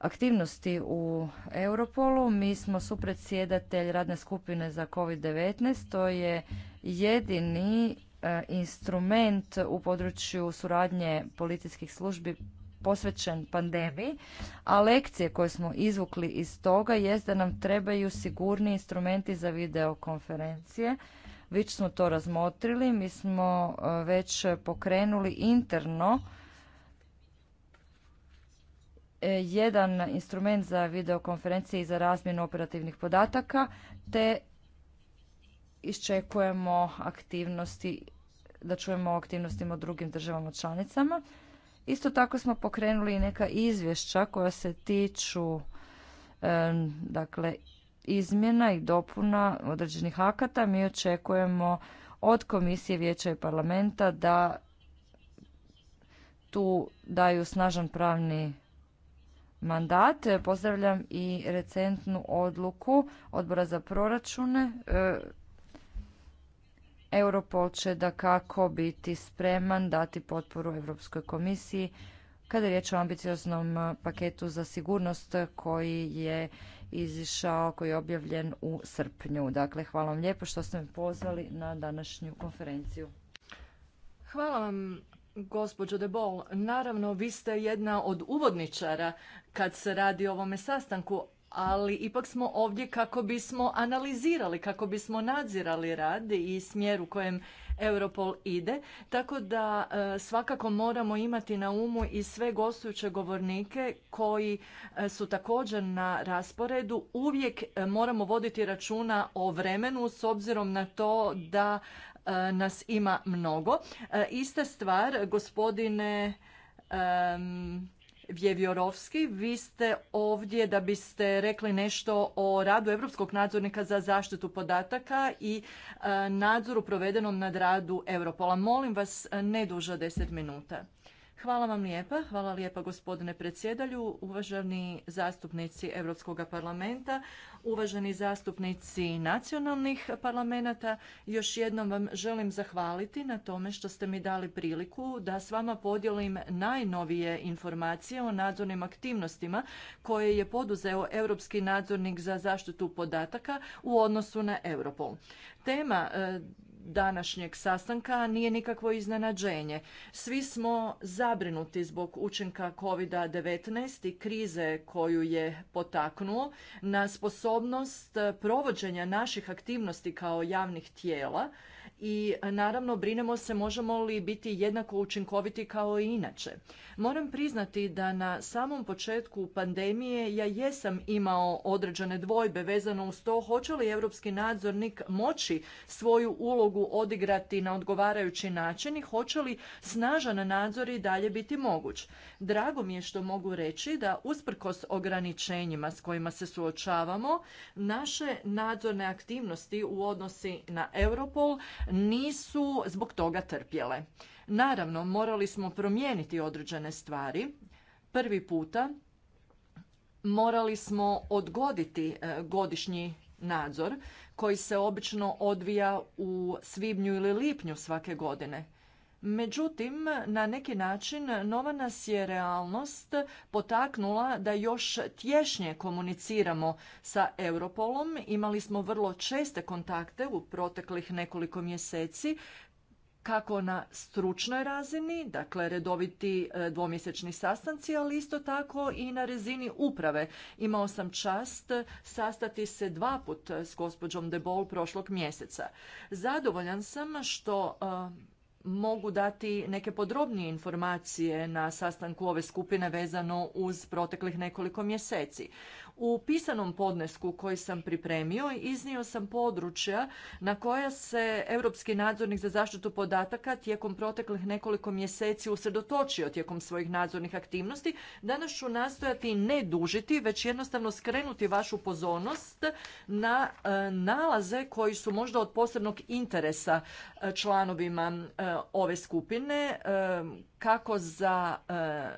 aktivnosti u Europolu. Mi smo supredsjedatelj radne skupine za COVID-19. To je jedini e, instrument u području suradnje policijskih službi posvećen pandemiji, a lekcije koje smo izvukli iz toga jest da nam trebaju sigurni instrumenti za videokonferencije. Već smo to razmotrili, mi smo e, već pokrenuli interno jedan instrument za videokonferencije i za razmjenu operativnih podataka, te iščekujemo aktivnosti, da čujemo o aktivnostima u drugim državama članicama. Isto tako smo pokrenuli i neka izvješća koja se tiču dakle, izmjena i dopuna određenih akata. Mi očekujemo od Komisije Vijeća i Parlamenta da tu daju snažan pravni mandat. E, pozdravljam i recentnu odluku odbora za proračune. E, Europol će da kako biti spreman dati potporu Europskoj komisiji kada je riječ o ambicioznom e, paketu za sigurnost koji je izišao, koji je objavljen u srpnju. Dakle, hvala vam lijepo što ste me pozvali na današnju konferenciju. Hvala vam Gospođo De Bol, naravno vi ste jedna od uvodničara kad se radi o ovome sastanku, ali ipak smo ovdje kako bismo analizirali, kako bismo nadzirali rad i smjer u kojem Europol ide, tako da e, svakako moramo imati na umu i sve gostujuće govornike koji e, su također na rasporedu. Uvijek e, moramo voditi računa o vremenu s obzirom na to da E, nas ima mnogo. E, ista stvar, gospodine Vjevjorovski, vi ste ovdje da biste rekli nešto o radu Europskog nadzornika za zaštitu podataka i e, nadzoru provedenom nad radu Europola. Molim vas, ne duže deset 10 minuta. Hvala vam lijepa. Hvala lijepa gospodine predsjedalju, uvaženi zastupnici Europskog parlamenta, uvaženi zastupnici nacionalnih parlamenta. Još jednom vam želim zahvaliti na tome što ste mi dali priliku da s vama podijelim najnovije informacije o nadzornim aktivnostima koje je poduzeo Europski nadzornik za zaštitu podataka u odnosu na Europol. Tema e, današnjeg sastanka nije nikakvo iznenađenje. Svi smo zabrinuti zbog učinka COVID-19 i krize koju je potaknuo na sposobnost provođenja naših aktivnosti kao javnih tijela i e, naravno brinemo se možemo li biti jednako učinkoviti kao i inače. Moram priznati da na samom početku pandemije ja jesam imao određene dvojbe vezano uz to hoće li europski nadzornik moći svoju ulogu odigrati na odgovarajući način i hoće li snažan nadzor i dalje biti moguć. Drago mi je što mogu reći da usprkos ograničenjima s kojima se suočavamo, naše nadzorne aktivnosti u odnosi na Europol nisu zbog toga trpjele. Naravno, morali smo promijeniti određene stvari. Prvi puta morali smo odgoditi e, godišnji nadzor koji se obično odvija u svibnju ili lipnju svake godine. Međutim, na neki način nova nas je realnost potaknula da još tješnje komuniciramo sa Europolom. Imali smo vrlo česte kontakte u proteklih nekoliko mjeseci kako na stručnoj razini, dakle redoviti e, dvomjesečni sastanci, ali isto tako i na razini uprave. Imao sam čast sastati se dva put s gospođom debol prošlog mjeseca. Zadovoljan sam što e, mogu dati neke podrobnije informacije na sastanku ove skupine vezano uz proteklih nekoliko mjeseci. U pisanom podnesku koji sam pripremio iznio sam područja na koja se Europski nadzornik za zaštitu podataka tijekom proteklih nekoliko mjeseci usredotočio tijekom svojih nadzornih aktivnosti. Danas ću nastojati ne dužiti, već jednostavno skrenuti vašu pozornost na e, nalaze koji su možda od posebnog interesa e, članovima e, ove skupine kako za e,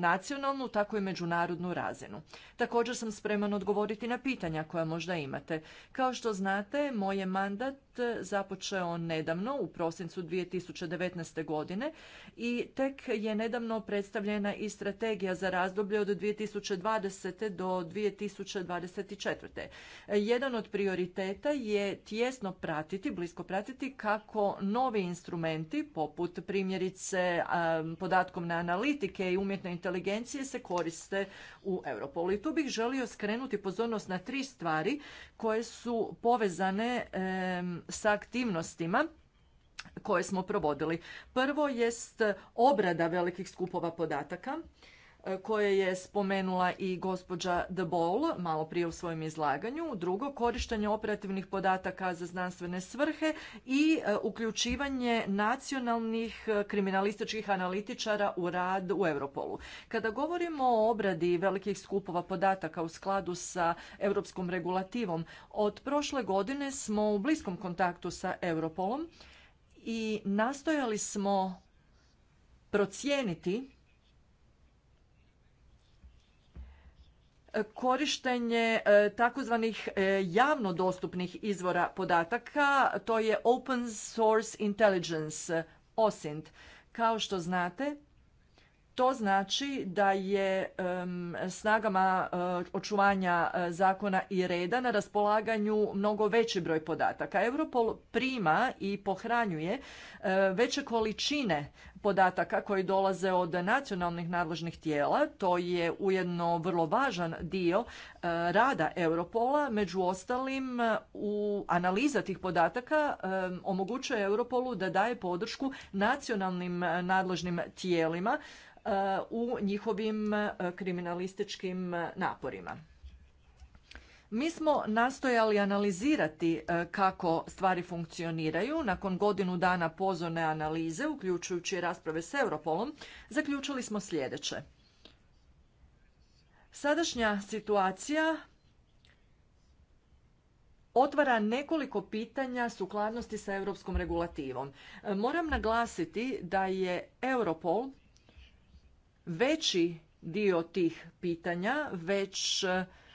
nacionalnu, tako i međunarodnu razinu. Također sam spreman odgovoriti na pitanja koja možda imate. Kao što znate, moj je mandat započeo nedavno u prosincu 2019. godine i tek je nedavno predstavljena i strategija za razdoblje od 2020. do 2024. Jedan od prioriteta je tjesno pratiti, blisko pratiti kako novi instrumenti poput primjerice podatkom na analitike i umjetne inteligencije se koriste u Europolu. I tu bih želio skrenuti pozornost na tri stvari koje su povezane sa aktivnostima koje smo provodili. Prvo jest obrada velikih skupova podataka koje je spomenula i gospođa De Bol malo prije u svojem izlaganju. Drugo, korištenje operativnih podataka za znanstvene svrhe i e, uključivanje nacionalnih e, kriminalističkih analitičara u rad u Europolu. Kada govorimo o obradi velikih skupova podataka u skladu sa europskom regulativom, od prošle godine smo u bliskom kontaktu sa Europolom i nastojali smo procijeniti korištenje e, takozvanih e, javno dostupnih izvora podataka, to je Open Source Intelligence, OSINT. Kao što znate, to znači da je snagama e, očuvanja e, zakona i reda na raspolaganju mnogo veći broj podataka. Europol prima i pohranjuje e, veće količine podataka koji dolaze od nacionalnih nadležnih tijela. To je ujedno vrlo važan dio rada Europola. Među ostalim, u analiza tih podataka omogućuje Europolu da daje podršku nacionalnim nadležnim tijelima u njihovim e, kriminalističkim naporima. Mi smo nastojali analizirati e, kako stvari funkcioniraju. Nakon godinu dana pozorne analize, uključujući rasprave s Europolom, zaključili smo sljedeće. Sadašnja situacija otvara nekoliko pitanja sukladnosti sa europskom regulativom. E, moram naglasiti da je Europol veći dio tih pitanja već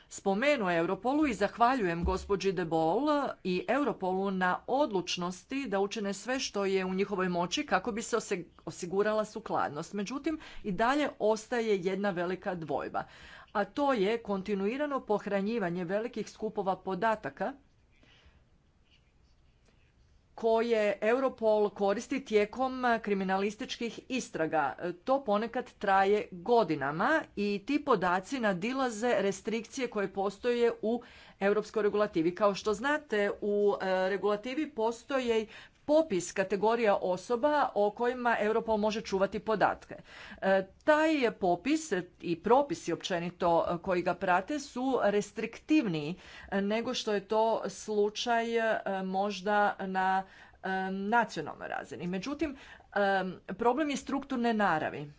spomenuo Europolu i zahvaljujem gospođi De Bol i Europolu na odlučnosti da učine sve što je u njihovoj moći kako bi se osigurala sukladnost. Međutim, i dalje ostaje jedna velika dvojba, a to je kontinuirano pohranjivanje velikih skupova podataka koje Europol koristi tijekom kriminalističkih istraga. To ponekad traje godinama i ti podaci nadilaze restrikcije koje postoje u europskoj regulativi. Kao što znate, u e, regulativi postoje popis kategorija osoba o kojima Europol može čuvati podatke. E, taj je popis i propisi općenito koji ga prate su restriktivniji nego što je to slučaj e, možda na e, nacionalnoj razini. Međutim, problem je strukturne naravi.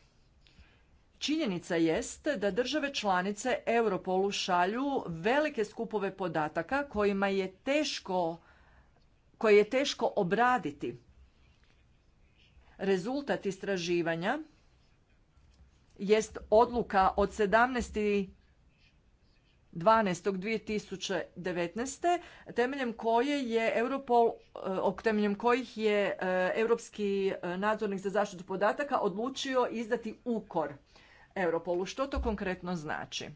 Činjenica jest da države članice Europolu šalju velike skupove podataka kojima je teško koje je teško obraditi. Rezultat istraživanja jest odluka od 17. temeljem koje je Europol, eh, temeljem kojih je eh, Europski eh, nadzornik za zaštitu podataka odlučio izdati ukor Europolu. Što to konkretno znači?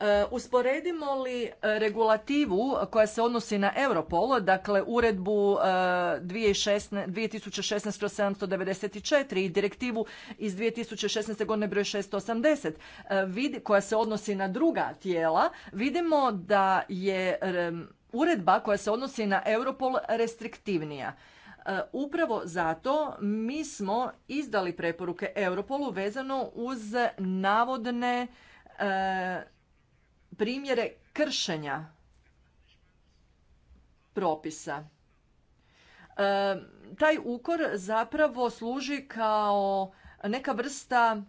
E, usporedimo li e, regulativu koja se odnosi na Europol, dakle uredbu 2016/794 e, i direktivu iz 2016. godine broj 680 koja se odnosi na druga tijela, vidimo da je uredba koja se odnosi na Europol restriktivnija. Upravo zato mi smo izdali preporuke Europolu vezano uz navodne primjere kršenja propisa. E, taj ukor zapravo služi kao neka vrsta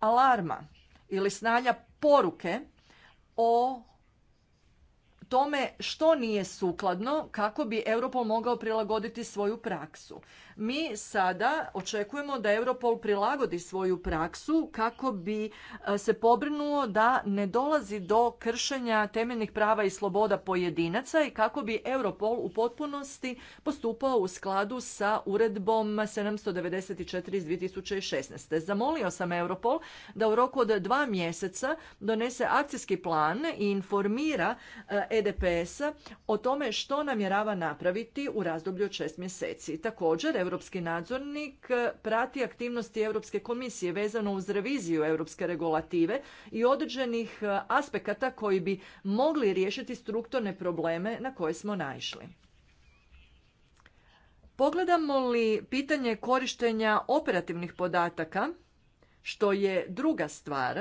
alarma ili snalja poruke o tome što nije sukladno kako bi Europol mogao prilagoditi svoju praksu. Mi sada očekujemo da Europol prilagodi svoju praksu kako bi e, se pobrinuo da ne dolazi do kršenja temeljnih prava i sloboda pojedinaca i kako bi Europol u potpunosti postupao u skladu sa uredbom 794 iz 2016. Zamolio sam Europol da u roku od dva mjeseca donese akcijski plan i informira e, EDPS-a o tome što namjerava napraviti u razdoblju od šest mjeseci. Također, Europski nadzornik eh, prati aktivnosti Europske komisije vezano uz reviziju europske regulative i određenih eh, aspekata koji bi mogli riješiti strukturne probleme na koje smo naišli. Pogledamo li pitanje korištenja operativnih podataka, što je druga stvar,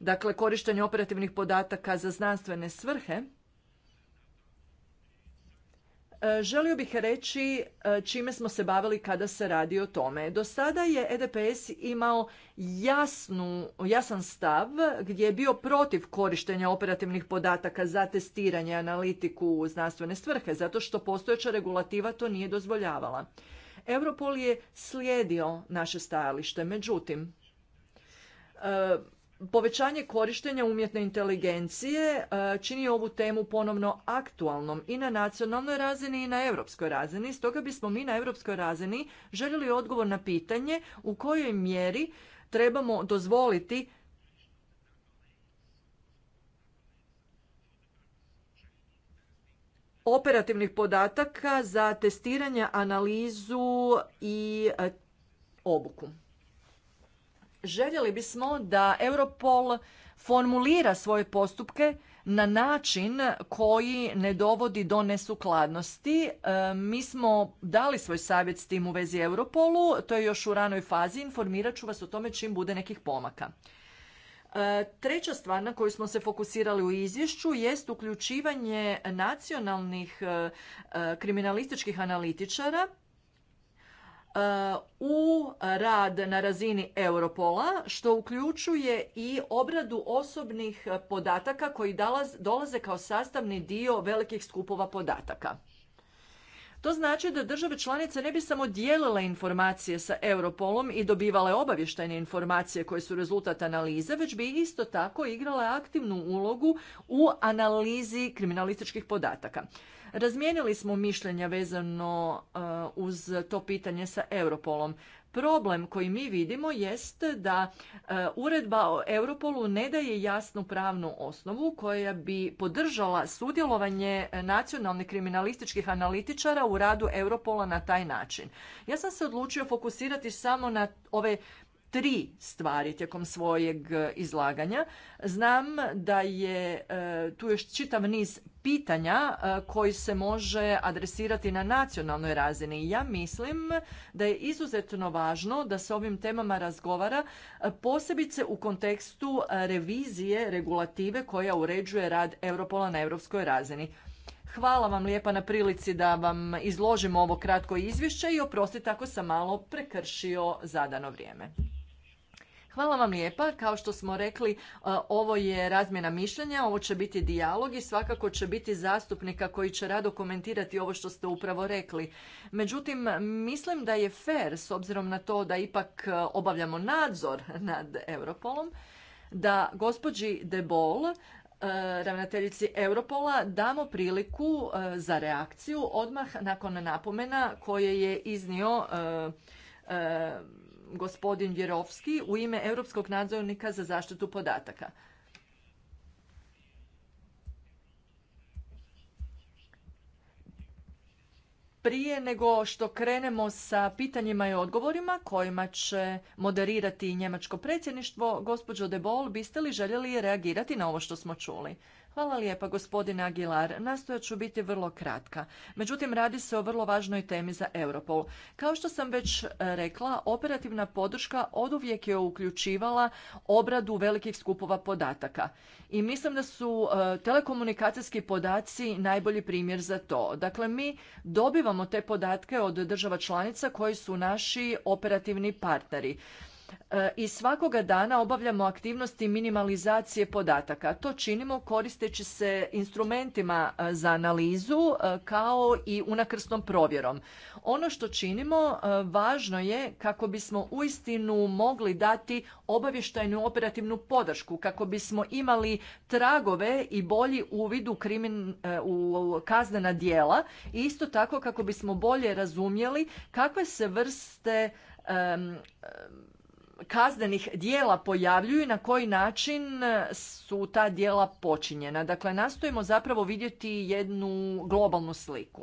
dakle korištenje operativnih podataka za znanstvene svrhe, e, Želio bih reći e, čime smo se bavili kada se radi o tome. Do sada je EDPS imao jasnu, jasan stav gdje je bio protiv korištenja operativnih podataka za testiranje, analitiku u znanstvene svrhe, zato što postojeća regulativa to nije dozvoljavala. Europol je slijedio naše stajalište, međutim, e, Povećanje korištenja umjetne inteligencije e, čini ovu temu ponovno aktualnom i na nacionalnoj razini i na europskoj razini. Stoga bismo mi na europskoj razini željeli odgovor na pitanje u kojoj mjeri trebamo dozvoliti operativnih podataka za testiranje, analizu i e, obuku. Željeli bismo da Europol formulira svoje postupke na način koji ne dovodi do nesukladnosti. E, mi smo dali svoj savjet s tim u vezi Europolu, to je još u ranoj fazi, informirat ću vas o tome čim bude nekih pomaka. E, treća stvar na koju smo se fokusirali u izvješću jest uključivanje nacionalnih e, kriminalističkih analitičara u rad na razini Europola, što uključuje i obradu osobnih podataka koji dolaze kao sastavni dio velikih skupova podataka. To znači da države članice ne bi samo dijelile informacije sa Europolom i dobivale obavještajne informacije koje su rezultat analize, već bi isto tako igrale aktivnu ulogu u analizi kriminalističkih podataka. Razmijenili smo mišljenja vezano e, uz to pitanje sa Europolom. Problem koji mi vidimo jest da e, uredba o Europolu ne daje jasnu pravnu osnovu koja bi podržala sudjelovanje nacionalnih kriminalističkih analitičara u radu Europola na taj način. Ja sam se odlučio fokusirati samo na ove tri stvari tijekom svojeg e, izlaganja. Znam da je e, tu još čitav niz pitanja e, koji se može adresirati na nacionalnoj razini. Ja mislim da je izuzetno važno da se ovim temama razgovara posebice u kontekstu revizije regulative koja uređuje rad Europola na europskoj razini. Hvala vam lijepa na prilici da vam izložim ovo kratko izvješće i oprostite ako sam malo prekršio zadano vrijeme. Hvala vam lijepa. Kao što smo rekli, e, ovo je razmjena mišljenja, ovo će biti dijalog i svakako će biti zastupnika koji će rado komentirati ovo što ste upravo rekli. Međutim, mislim da je fair, s obzirom na to da ipak e, obavljamo nadzor nad Europolom, da gospođi De Bol e, ravnateljici Europola damo priliku za reakciju odmah nakon napomena koje je iznio gospodin Vjerovski u ime Europskog nadzornika za zaštitu podataka. Prije nego što krenemo sa pitanjima i odgovorima kojima će moderirati njemačko predsjedništvo, gospođo De Bol, biste li željeli reagirati na ovo što smo čuli? Hvala lijepa gospodine Aguilar. Nastojat ću biti vrlo kratka. Međutim, radi se o vrlo važnoj temi za Europol. Kao što sam već e, rekla, operativna podrška oduvijek je uključivala obradu velikih skupova podataka. I mislim da su e, telekomunikacijski podaci najbolji primjer za to. Dakle, mi dobivamo te podatke od država članica koji su naši operativni partneri. E, i svakoga dana obavljamo aktivnosti minimalizacije podataka. To činimo koristeći se instrumentima e, za analizu e, kao i unakrsnom provjerom. Ono što činimo važno je kako bismo uistinu mogli dati obavještajnu operativnu podršku, kako bismo imali tragove i bolji uvid u, kaznena dijela i isto tako kako bismo bolje razumjeli kakve se vrste kaznenih dijela pojavljuju i na koji način su ta dijela počinjena. Dakle, nastojimo zapravo vidjeti jednu globalnu sliku.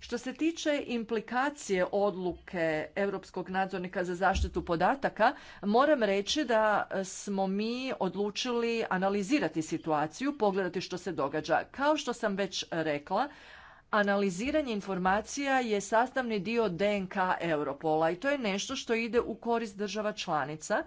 Što se tiče implikacije odluke Europskog nadzornika za zaštitu podataka, moram reći da smo mi odlučili analizirati situaciju, pogledati što se događa. Kao što sam već rekla, Analiziranje informacija je sastavni dio DNK Europola i to je nešto što ide u korist država članica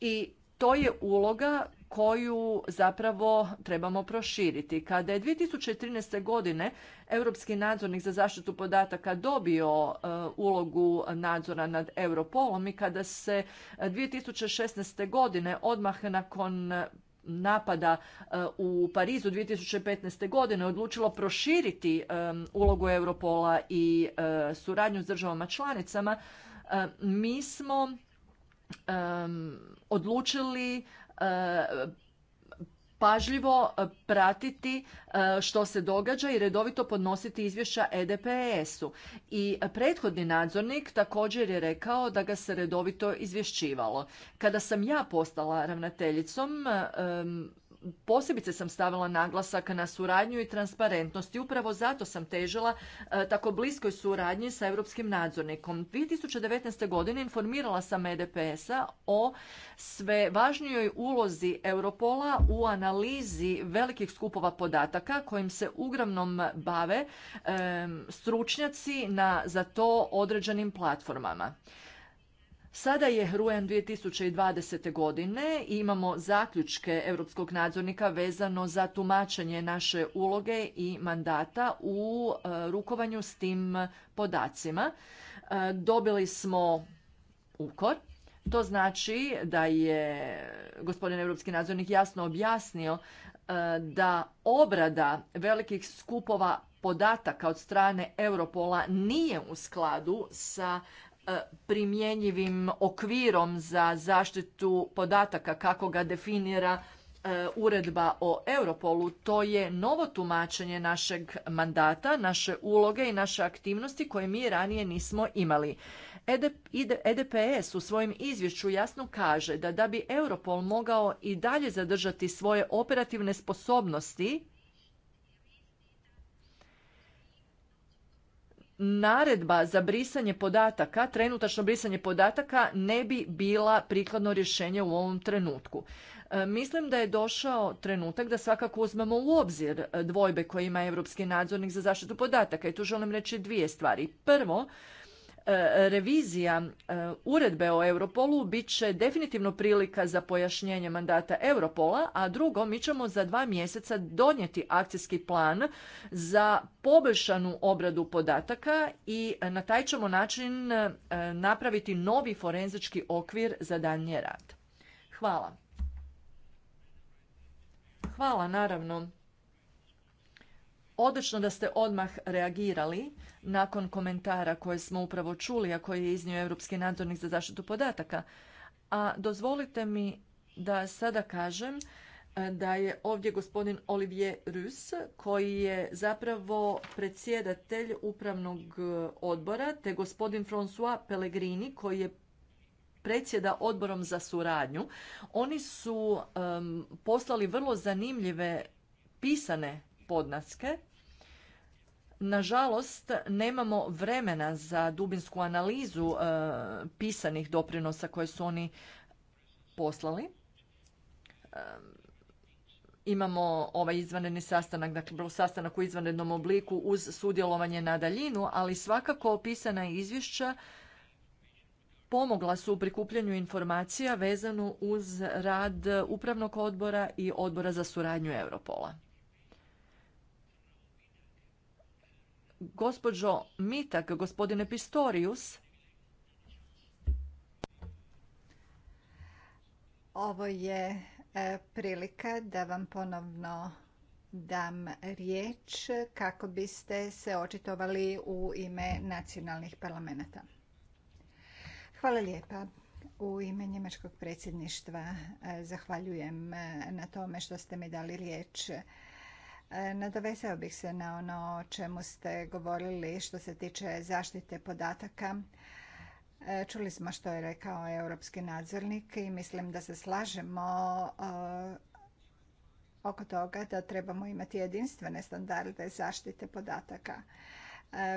i to je uloga koju zapravo trebamo proširiti. Kada je 2013. godine Europski nadzornik za zaštitu podataka dobio e, ulogu nadzora nad Europolom i kada se 2016. godine odmah nakon napada e, u Parizu 2015. godine odlučilo proširiti e, ulogu Europola i e, suradnju s državama članicama, mi smo odlučili pažljivo e, pratiti e, što se događa i redovito podnositi izvješća EDPS-u. E I prethodni nadzornik također je rekao da ga se redovito izvješćivalo. Kada sam ja postala ravnateljicom, posebice sam stavila naglasak na suradnju i transparentnost i upravo zato sam težila e, tako bliskoj suradnji sa europskim nadzornikom. 2019. godine informirala sam EDPS-a o sve važnijoj ulozi Europola u analizi velikih skupova podataka kojim se ugravnom bave stručnjaci na za to određenim platformama. Sada je rujan 2020. godine i imamo zaključke Europskog nadzornika vezano za tumačenje naše uloge i mandata u e, rukovanju s tim podacima. E, dobili smo ukor, to znači da je gospodin Europski nadzornik jasno objasnio e, da obrada velikih skupova podataka od strane Europola nije u skladu sa E, primjenjivim okvirom za zaštitu podataka kako ga definira e, uredba o Europolu. To je novo tumačenje našeg mandata, naše uloge i naše aktivnosti koje mi ranije nismo imali. EDPS e u svojem izvješću jasno kaže da da bi Europol mogao i dalje zadržati svoje operativne sposobnosti naredba za brisanje podataka, trenutačno brisanje podataka, ne bi bila prikladno rješenje u ovom trenutku. E, mislim da je došao trenutak da svakako uzmemo u obzir e, dvojbe koje ima Europski nadzornik za zaštitu podataka i tu želim reći dvije stvari. Prvo, E, revizija e, uredbe o Europolu bit će definitivno prilika za pojašnjenje mandata Europola, a drugo, mi ćemo za dva mjeseca donijeti akcijski plan za poboljšanu obradu podataka i na taj ćemo način e, napraviti novi forenzički okvir za daljnji rad. Hvala. Hvala, naravno. Odlično da ste odmah reagirali nakon komentara koje smo upravo čuli, a koji je iznio Europski nadzornik za zaštitu podataka. A dozvolite mi da sada kažem e, da je ovdje gospodin Olivier Rus koji je zapravo predsjedatelj upravnog e, odbora te gospodin François Pellegrini koji je predsjeda odborom za suradnju. Oni su poslali vrlo zanimljive pisane podnaske Nažalost, nemamo vremena za dubinsku analizu e, pisanih doprinosa koje su oni poslali. E, imamo ovaj izvanredni sastanak, dakle sastanak u izvanrednom obliku uz sudjelovanje na daljinu, ali svakako pisana izvješća pomogla su u prikupljanju informacija vezanu uz rad upravnog odbora i odbora za suradnju Europola. Gospođo Mitak, gospodine Pistorius. Ovo je e, prilika da vam ponovno dam riječ kako biste se očitovali u ime nacionalnih parlamenta. Hvala lijepa. U ime njemačkog predsjedništva e, zahvaljujem e, na tome što ste mi dali riječ. E, nadovezao bih se na ono o čemu ste govorili što se tiče zaštite podataka. E, čuli smo što je rekao europski nadzornik i mislim da se slažemo e, oko toga da trebamo imati jedinstvene standarde zaštite podataka.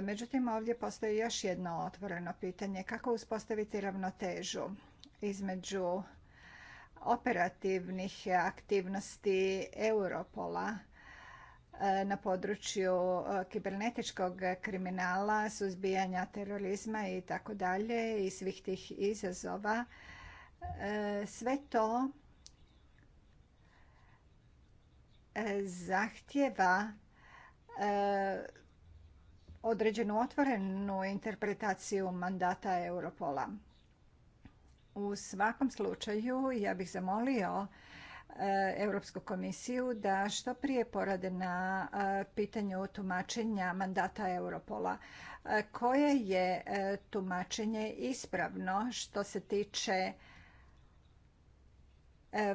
Međutim, ovdje postoji još jedno otvoreno pitanje kako uspostaviti ravnotežu između operativnih aktivnosti Europola E, na području e, kibernetičkog kriminala, suzbijanja terorizma i tako dalje i svih tih izazova. E, sve to zahtjeva određenu otvorenu interpretaciju mandata Europola. U svakom slučaju ja bih zamolio E, Europsku komisiju da što prije porade na e, pitanju tumačenja mandata Europola. E, koje je tumačenje ispravno što se tiče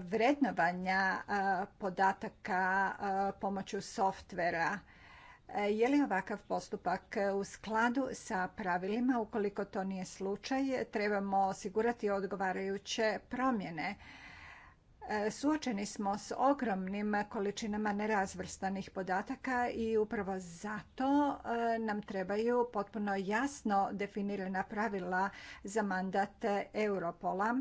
vrednovanja podataka pomoću softvera? Je li ovakav postupak u skladu sa pravilima? Ukoliko to nije slučaj, trebamo osigurati odgovarajuće promjene E, suočeni smo s ogromnim količinama nerazvrstanih podataka i upravo zato e, nam trebaju potpuno jasno definirana pravila za mandat Europola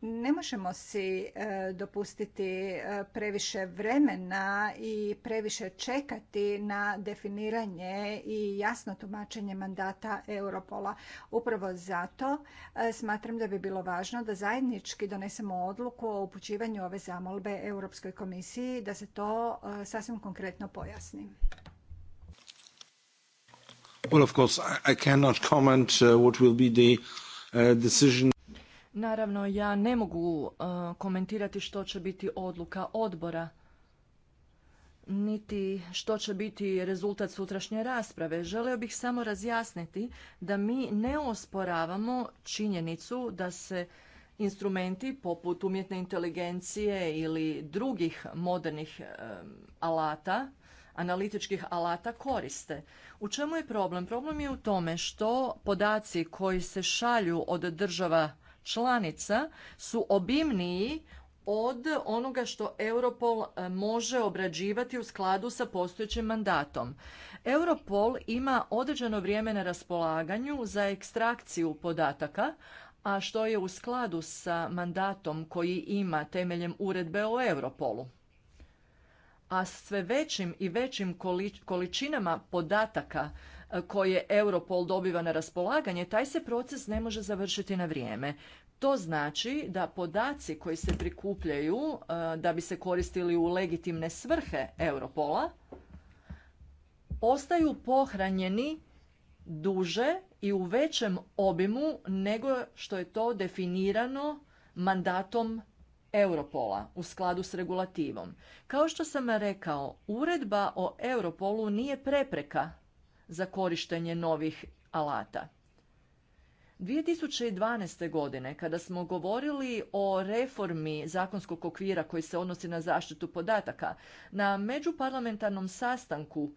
ne možemo si e, dopustiti e, previše vremena i previše čekati na definiranje i jasno tumačenje mandata Europola. Upravo zato e, smatram da bi bilo važno da zajednički donesemo odluku o upućivanju ove zamolbe Europskoj komisiji da se to sasvim konkretno pojasni. Well, of course, I cannot comment uh, what will be the uh, decision Naravno, ja ne mogu uh, komentirati što će biti odluka odbora, niti što će biti rezultat sutrašnje rasprave. Želeo bih samo razjasniti da mi ne osporavamo činjenicu da se instrumenti poput umjetne inteligencije ili drugih modernih um, alata, analitičkih alata koriste. U čemu je problem? Problem je u tome što podaci koji se šalju od država članica su obimniji od onoga što Europol e, može obrađivati u skladu sa postojećim mandatom. Europol ima određeno vrijeme na raspolaganju za ekstrakciju podataka, a što je u skladu sa mandatom koji ima temeljem uredbe o Europolu. A sve većim i većim količinama podataka koje Europol dobiva na raspolaganje, taj se proces ne može završiti na vrijeme. To znači da podaci koji se prikupljaju e, da bi se koristili u legitimne svrhe Europola ostaju pohranjeni duže i u većem obimu nego što je to definirano mandatom Europola u skladu s regulativom. Kao što sam rekao, uredba o Europolu nije prepreka za korištenje novih alata. 2012. godine, kada smo govorili o reformi zakonskog okvira koji se odnosi na zaštitu podataka, na međuparlamentarnom sastanku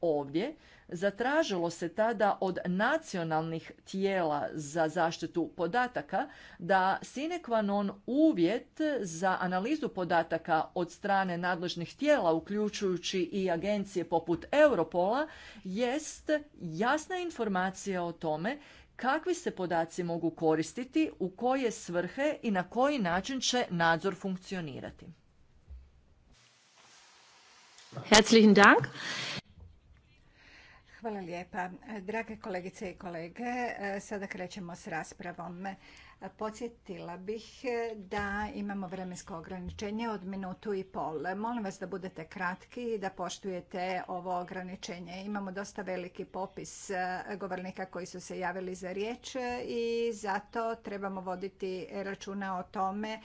ovdje, zatražilo se tada od nacionalnih tijela za zaštitu podataka da sine qua non uvjet za analizu podataka od strane nadležnih tijela, uključujući i agencije poput Europola, jest jasna informacija o tome kakvi se podaci mogu koristiti, u koje svrhe i na koji način će nadzor funkcionirati. Herzlichen Dank. Hvala lijepa. Drage kolegice i kolege, sada krećemo s raspravom. Podsjetila bih da imamo vremensko ograničenje od minutu i pol. Molim vas da budete kratki i da poštujete ovo ograničenje. Imamo dosta veliki popis eh, govornika koji su se javili za riječ eh, i zato trebamo voditi računa o tome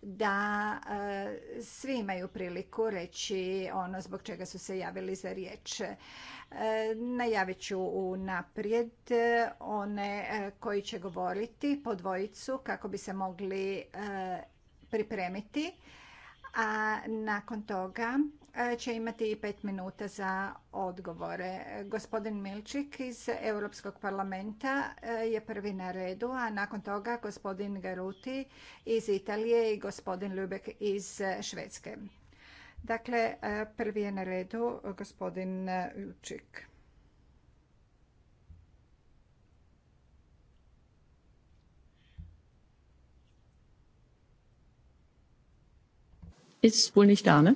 da e, svi imaju priliku reći ono zbog čega su se javili za riječ. E, najavit ću unaprijed one e, koji će govoriti po dvojicu kako bi se mogli pripremiti, a nakon toga će imati i pet minuta za odgovore. Gospodin Milčik iz Europskog parlamenta e, je prvi na redu, a nakon toga gospodin Garuti iz Italije i gospodin Ljubek iz Švedske. Dakle, e, prvi je na redu gospodin Milčik. Ist wohl da,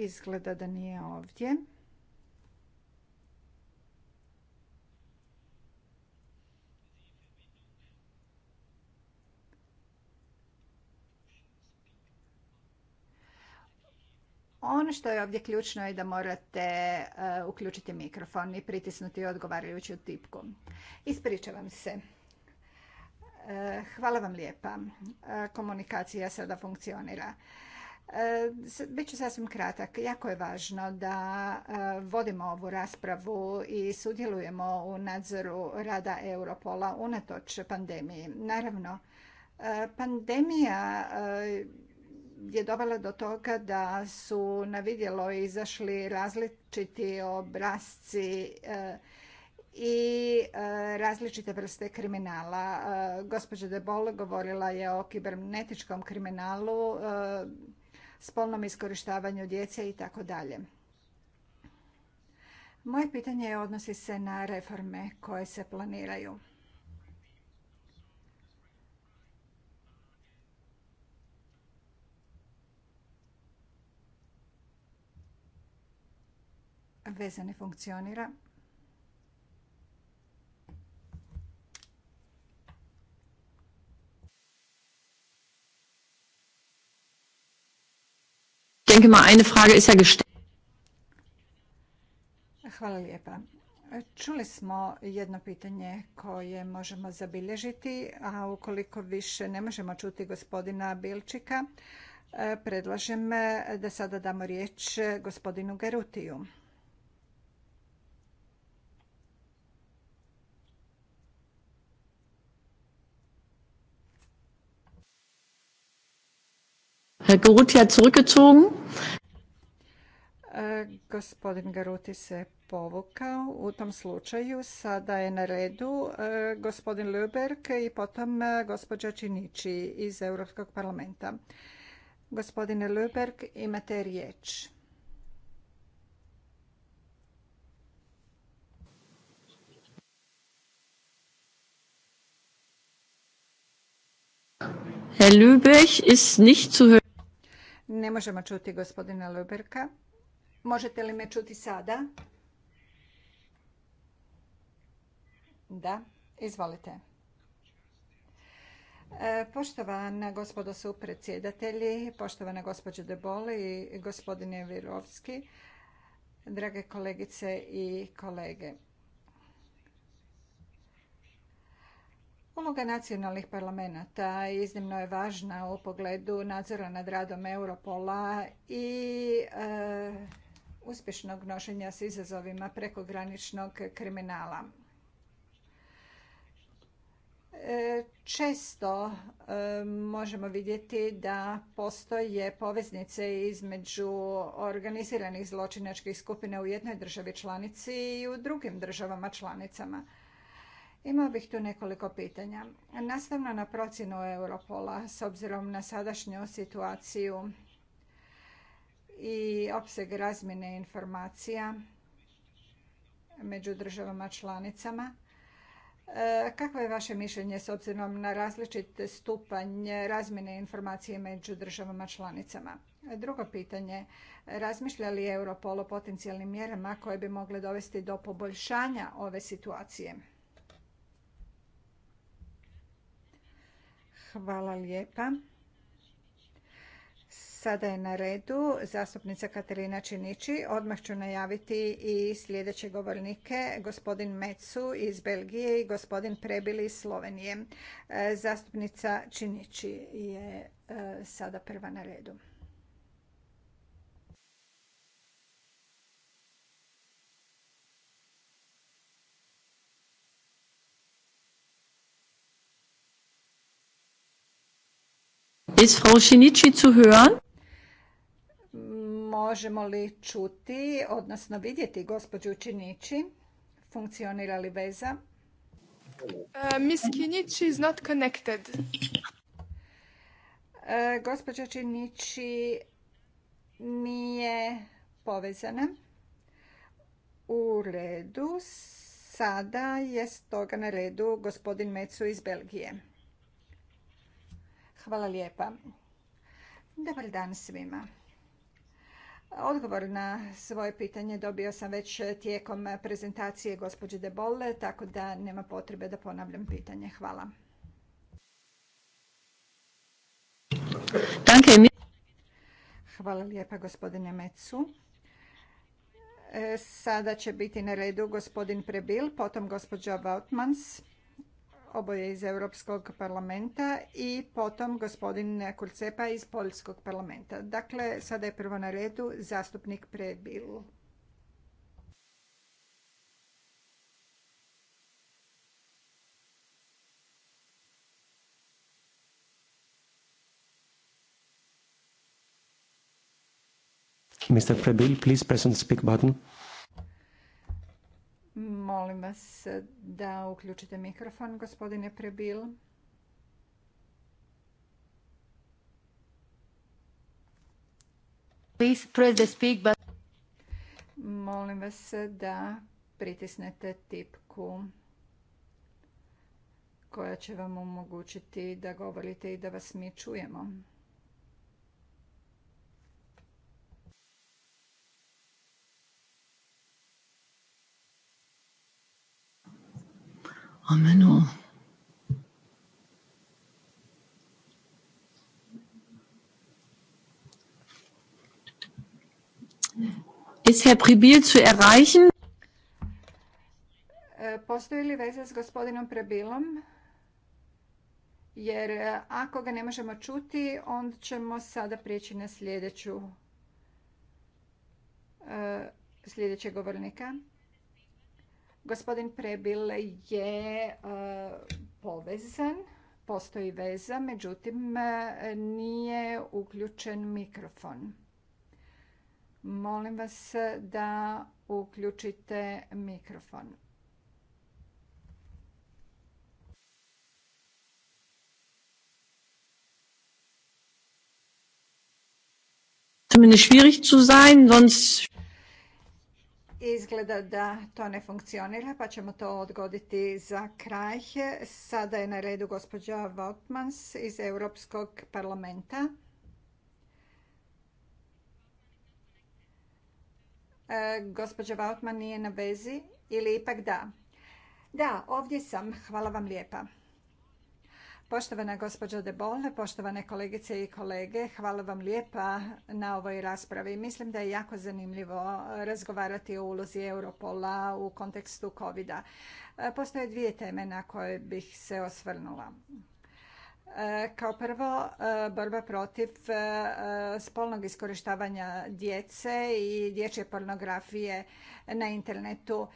Izgleda da nije ovdje. Ono što je ovdje ključno je da morate e, uključiti mikrofon i pritisnuti odgovarajuću tipku. Ispričavam se. E, hvala vam lijepa. E, komunikacija sada funkcionira. E, bit ću sasvim kratak. Jako je važno da e, vodimo ovu raspravu i sudjelujemo u nadzoru rada Europola unatoč pandemiji. Naravno, e, pandemija je dovela do toga da su na vidjelo izašli različiti obrasci i različite vrste kriminala. Gospođa De govorila je o kibernetičkom kriminalu spolnom iskorištavanju djece i tako dalje. Moje pitanje odnosi se na reforme koje se planiraju. Veza ne funkcionira. denke mal, Hvala lijepa. Čuli smo jedno pitanje koje možemo zabilježiti, a ukoliko više ne možemo čuti gospodina Bilčika, e, predlažem e, da sada damo riječ e, gospodinu Garutiju. Herr Garuti hat zurückgezogen. E, gospodin Garuti se povukao. U tom slučaju sada je na redu e, gospodin Ljuberg i potom e, gospođa Činići iz Europskog parlamenta. Gospodine Ljuberg, imate riječ. Herr Lübeck ist nicht zu ne možemo čuti gospodina Luberka. Možete li me čuti sada? Da, izvolite. E, poštovana gospodo supredsjedatelji, poštovana gospođo Deboli i gospodine Virovski, drage kolegice i kolege. Uloga nacionalnih parlamenta iznimno je važna u pogledu nadzora nad radom Europola i e, uspješnog nošenja s izazovima prekograničnog kriminala. E, često e, možemo vidjeti da postoje poveznice između organiziranih zločinačkih skupina u jednoj državi članici i u drugim državama članicama. Imao bih tu nekoliko pitanja. Nastavno na procjenu Europola, s obzirom na sadašnju situaciju i opseg razmjene informacija među državama članicama, e, Kakvo je vaše mišljenje s obzirom na različit stupanj razmjene informacije među državama članicama? Drugo pitanje, razmišlja li Europol o potencijalnim mjerama koje bi mogle dovesti do poboljšanja ove situacije? Hvala lijepa. Sada je na redu zastupnica Katarina Činići. Odmah ću najaviti i sljedeće govornike, gospodin Mecu iz Belgije i gospodin Prebili iz Slovenije. E, zastupnica Činići je e, sada prva na redu. Ist Frau zu hören? Možemo li čuti, odnosno vidjeti gospođu Činići? Funkcionira li veza? E, Miss is not connected. E, gospođa Činići nije povezana. U redu. Sada je stoga na redu gospodin Mecu iz Belgije. Hvala lijepa. Dobar dan svima. Odgovor na svoje pitanje dobio sam već tijekom prezentacije gospođe De Bolle, tako da nema potrebe da ponavljam pitanje. Hvala. Hvala lijepa gospodine Mecu. E, sada će biti na redu gospodin Prebil, potom gospođa Vautmans oboje iz Europskog parlamenta i potom gospodin Kurcepa iz Poljskog parlamenta. Dakle, sada je prvo na redu zastupnik Prebil. Mr. Prebil, please press on the speak button. Molim vas da uključite mikrofon, gospodine Prebil. Molim vas da pritisnete tipku koja će vam omogućiti da govorite i da vas mi čujemo. omenu Ist Herr zu erreichen? E, postoji li veza s gospodinom Prebilom? Jer e, ako ga ne možemo čuti, onda ćemo sada prijeći na sljedeću e, sljedećeg govornika. Gospodin Prebil je povezan, postoji veza, međutim nije uključen mikrofon. Molim vas da uključite mikrofon. zumindest schwierig zu sein, sonst... Izgleda da to ne funkcionira, pa ćemo to odgoditi za kraj. Sada je na redu gospođa Vautmans iz Europskog parlamenta. E, gospođa Vautman nije na vezi ili ipak da? Da, ovdje sam. Hvala vam lijepa. Poštovana gospođo De Bol, poštovane kolegice i kolege, hvala vam lijepa na ovoj raspravi. Mislim da je jako zanimljivo razgovarati o ulozi Europola u kontekstu covid -a. Postoje dvije teme na koje bih se osvrnula. Kao prvo, borba protiv e, spolnog iskorištavanja djece i dječje pornografije na internetu.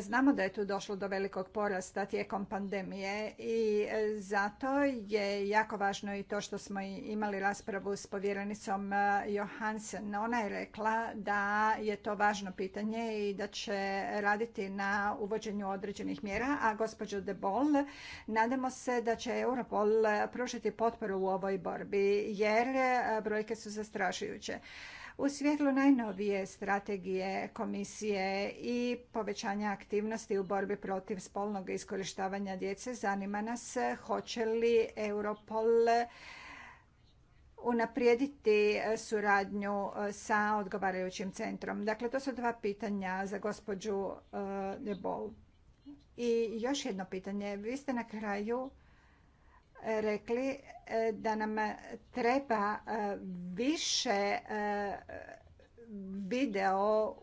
Znamo da je tu došlo do velikog porasta tijekom pandemije i zato je jako važno i to što smo imali raspravu s povjerenicom eh, Johansen. Ona je rekla da je to važno pitanje i da će raditi na uvođenju određenih mjera, a gospođo De Bol, nadamo se da će Europol eh, pružiti potporu u ovoj borbi jer eh, brojke su zastrašujuće. U svjetlu najnovije strategije komisije i povećanja aktivnosti u borbi protiv spolnog iskorištavanja djece zanima nas hoće li Europol unaprijediti suradnju sa odgovarajućim centrom. Dakle, to su dva pitanja za gospođu Debol. Eh, I još jedno pitanje. Vi ste na kraju rekli e, da nam treba e, više e, video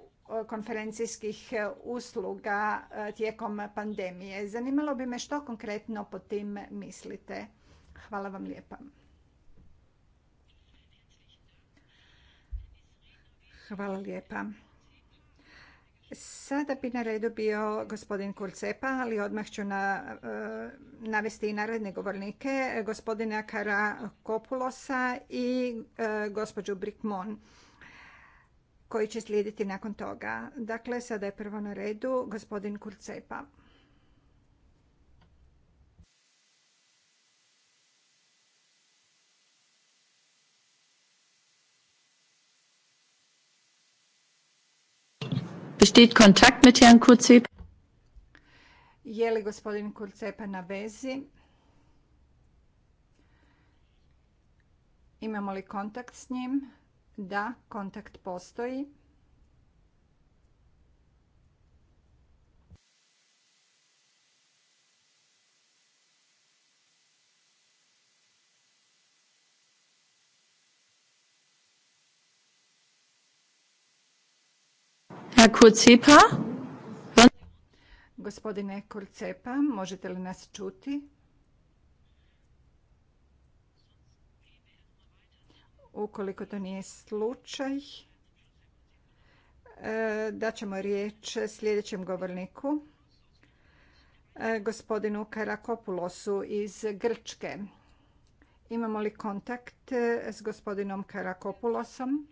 konferencijskih usluga tijekom pandemije. Zanimalo bi me što konkretno po tim mislite. Hvala vam lijepa. Hvala lijepa. Sada bi na redu bio gospodin Kurcepa, ali odmah ću e, navesti i naredne govornike, gospodina Kara Kopulosa i e, gospođu Brikmon koji će slijediti nakon toga. Dakle, sada je prvo na redu gospodin Kurcepa. Besteht kontakt mit Herrn Je li gospodin Kurcepa na vezi? Imamo li kontakt s njim? Da, kontakt postoji. Gospodine Kurcepa, možete li nas čuti? Ukoliko to nije slučaj, e, daćemo riječ sljedećem govorniku, e, gospodinu Karakopulosu iz Grčke. Imamo li kontakt s gospodinom Karakopulosom?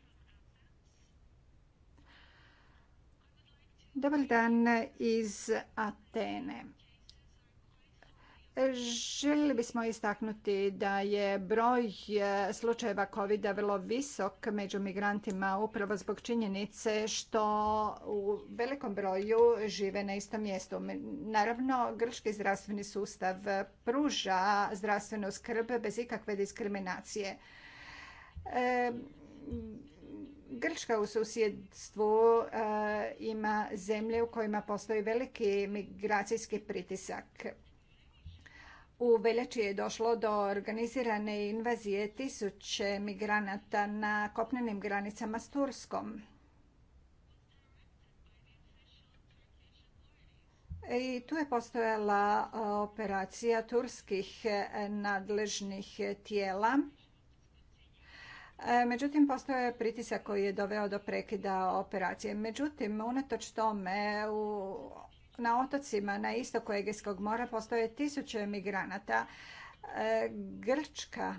Dobar dan iz Atene. Željeli bismo istaknuti da je broj e, slučajeva covid vrlo visok među migrantima upravo zbog činjenice što u velikom broju žive na istom mjestu. Naravno, grčki zdravstveni sustav pruža zdravstvenu skrb bez ikakve diskriminacije. E, Grčka u susjedstvu e, ima zemlje u kojima postoji veliki migracijski pritisak. U veljači je došlo do organizirane invazije tisuće migranata na kopnenim granicama s Turskom. I tu je postojala operacija turskih nadležnih tijela E, međutim, postoje pritisak koji je doveo do prekida operacije. Međutim, unatoč tome, u, na otocima na istoku Egejskog mora postoje tisuće migranata. E, Grčka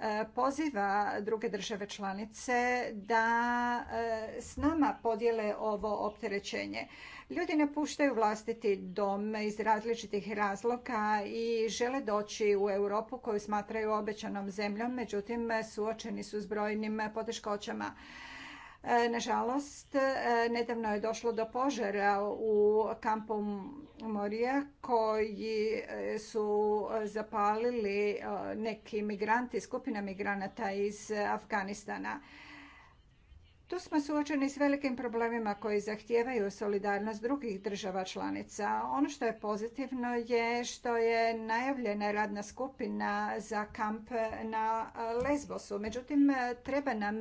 E, poziva druge države članice da e, s nama podijele ovo opterećenje. Ljudi napuštaju vlastiti dom iz različitih razloga i žele doći u Europu koju smatraju obećanom zemljom, međutim suočeni su s brojnim poteškoćama. E, nažalost, e, nedavno je došlo do požara u kampu Morija koji e, su zapalili neki migranti, skupina migranata iz Afganistana. Tu smo suočeni s velikim problemima koji zahtijevaju solidarnost drugih država članica. Ono što je pozitivno je što je najavljena radna skupina za kamp na Lesbosu. Međutim, treba nam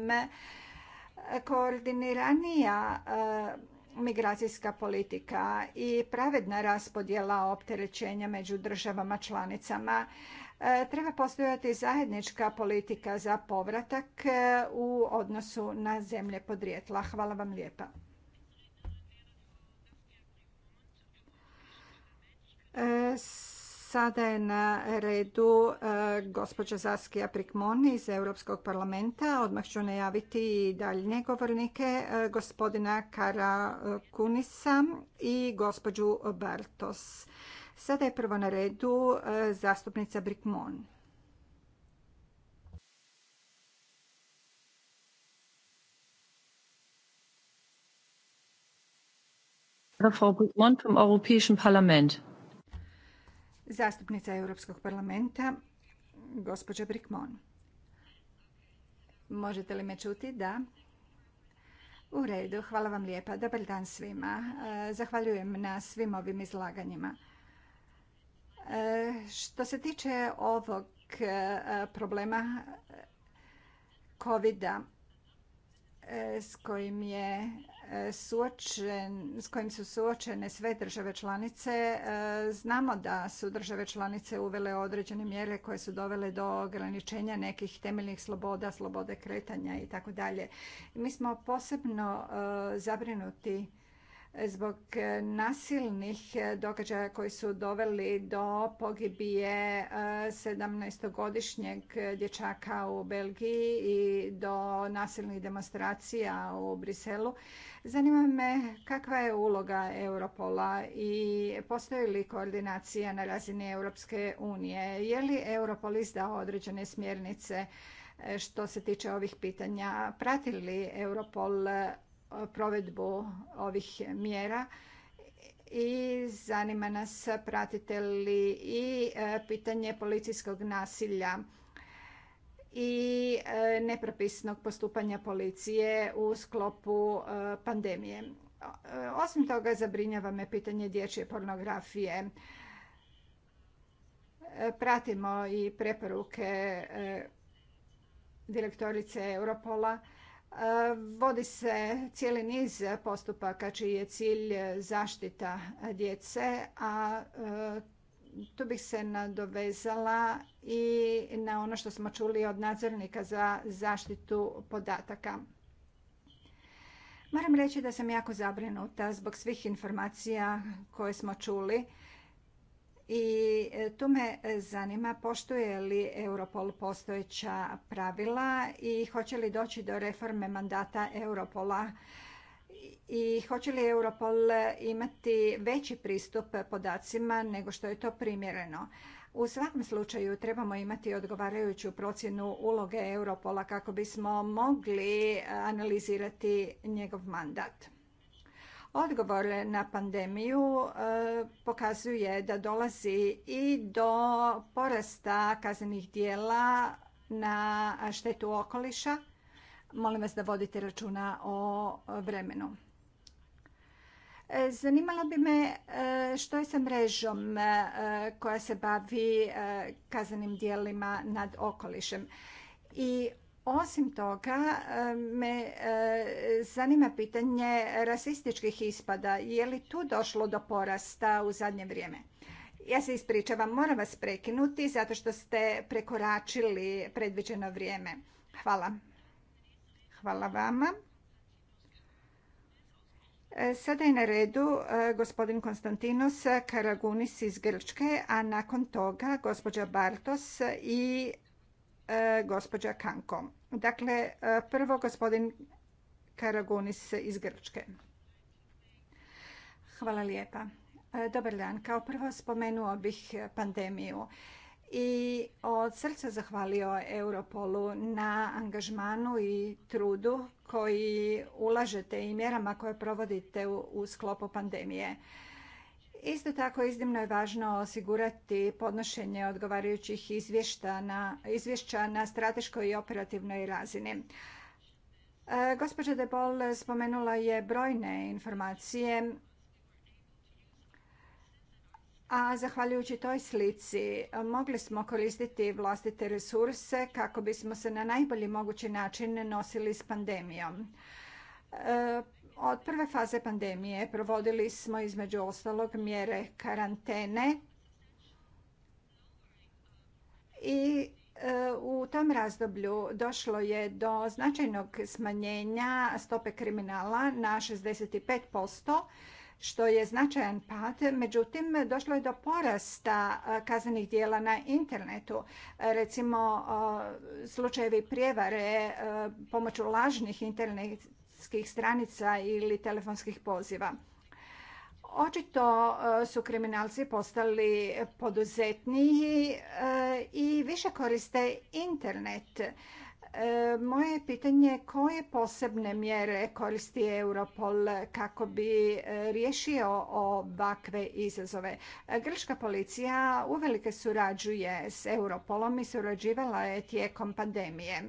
koordiniranija e, migracijska politika i pravedna raspodjela opterećenja među državama članicama e, treba postojati zajednička politika za povratak e, u odnosu na zemlje podrijetla. Hvala vam lijepa. Sada je na redu e, gospođa Zaskija Prikmoni iz Europskog parlamenta. Odmah ću najaviti i daljnje govornike, e, gospodina Kara e, Kunisa i gospođu Bartos. Sada je prvo na redu zastupnica Brikmon. Zastupnica Europskog parlamenta, gospođa Brikmon. Možete li me čuti? Da. U redu, hvala vam lijepa. Dobar dan svima. E, zahvaljujem na svim ovim izlaganjima. E, što se tiče ovog e, problema covid s kojim je suočen, s kojim su suočene sve države članice. E, znamo da su države članice uvele određene mjere koje su dovele do ograničenja nekih temeljnih sloboda, slobode kretanja i tako dalje. Mi smo posebno e, zabrinuti zbog e, nasilnih e, događaja koji su doveli do pogibije 17-godišnjeg e, dječaka u Belgiji i do nasilnih demonstracija u Briselu. Zanima me kakva je uloga Europola i postoji li koordinacija na razini Europske unije? Je li Europol izdao određene smjernice što se tiče ovih pitanja? Prati li Europol provedbu ovih mjera i zanima nas pratite li i e, pitanje policijskog nasilja i e, nepropisnog postupanja policije u sklopu e, pandemije. Osim toga zabrinjava me pitanje dječje pornografije. Pratimo i preporuke direktorice Europola Vodi se cijeli niz postupaka čiji je cilj zaštita djece, a e, tu bih se nadovezala i na ono što smo čuli od nadzornika za zaštitu podataka. Moram reći da sam jako zabrinuta zbog svih informacija koje smo čuli i e, tu me zanima poštuje li Europol postojeća pravila i hoće li doći do reforme mandata Europola i hoće li Europol imati veći pristup podacima nego što je to primjereno. U svakom slučaju trebamo imati odgovarajuću procjenu uloge Europola kako bismo mogli analizirati njegov mandat. Odgovor na pandemiju eh, pokazuje da dolazi i do porasta kaznenih dijela na štetu okoliša. Molim vas da vodite računa o vremenu. Eh, zanimalo bi me eh, što je sa mrežom koja se bavi kaznenim dijelima nad okolišem i osim toga e, me e, zanima pitanje rasističkih ispada. Je li tu došlo do porasta u zadnje vrijeme? Ja se ispričavam, moram vas prekinuti zato što ste prekoračili predviđeno vrijeme. Hvala. Hvala vama. E, sada je na redu gospodin Konstantinos Karagunis iz Grčke, a nakon toga gospođa Bartos i E, gospođa Kanko. Dakle, e, prvo gospodin Karagunis iz Grčke. Hvala lijepa. E, dobar dan. Kao prvo spomenuo bih pandemiju i od srca zahvalio Europolu na angažmanu i trudu koji ulažete i mjerama koje provodite u sklopu pandemije. Isto tako iznimno je važno osigurati podnošenje odgovarajućih na, izvješća na strateškoj i operativnoj razini. E, gospođa De Bol spomenula je brojne informacije, a zahvaljujući toj slici mogli smo koristiti vlastite resurse kako bismo se na najbolji mogući način nosili s pandemijom. E, od prve faze pandemije provodili smo između ostalog mjere karantene i e, u tom razdoblju došlo je do značajnog smanjenja stope kriminala na 65%, što je značajan pad. Međutim, došlo je do porasta e, kaznenih dijela na internetu. Recimo, slučajevi prijevare e, pomoću lažnih internet internetskih stranica ili telefonskih poziva. Očito e, su kriminalci postali poduzetniji e, i više koriste internet. E, moje pitanje je koje posebne mjere koristi Europol kako bi riješio ovakve izazove. Grčka policija uvelike surađuje s Europolom i surađivala je tijekom pandemije.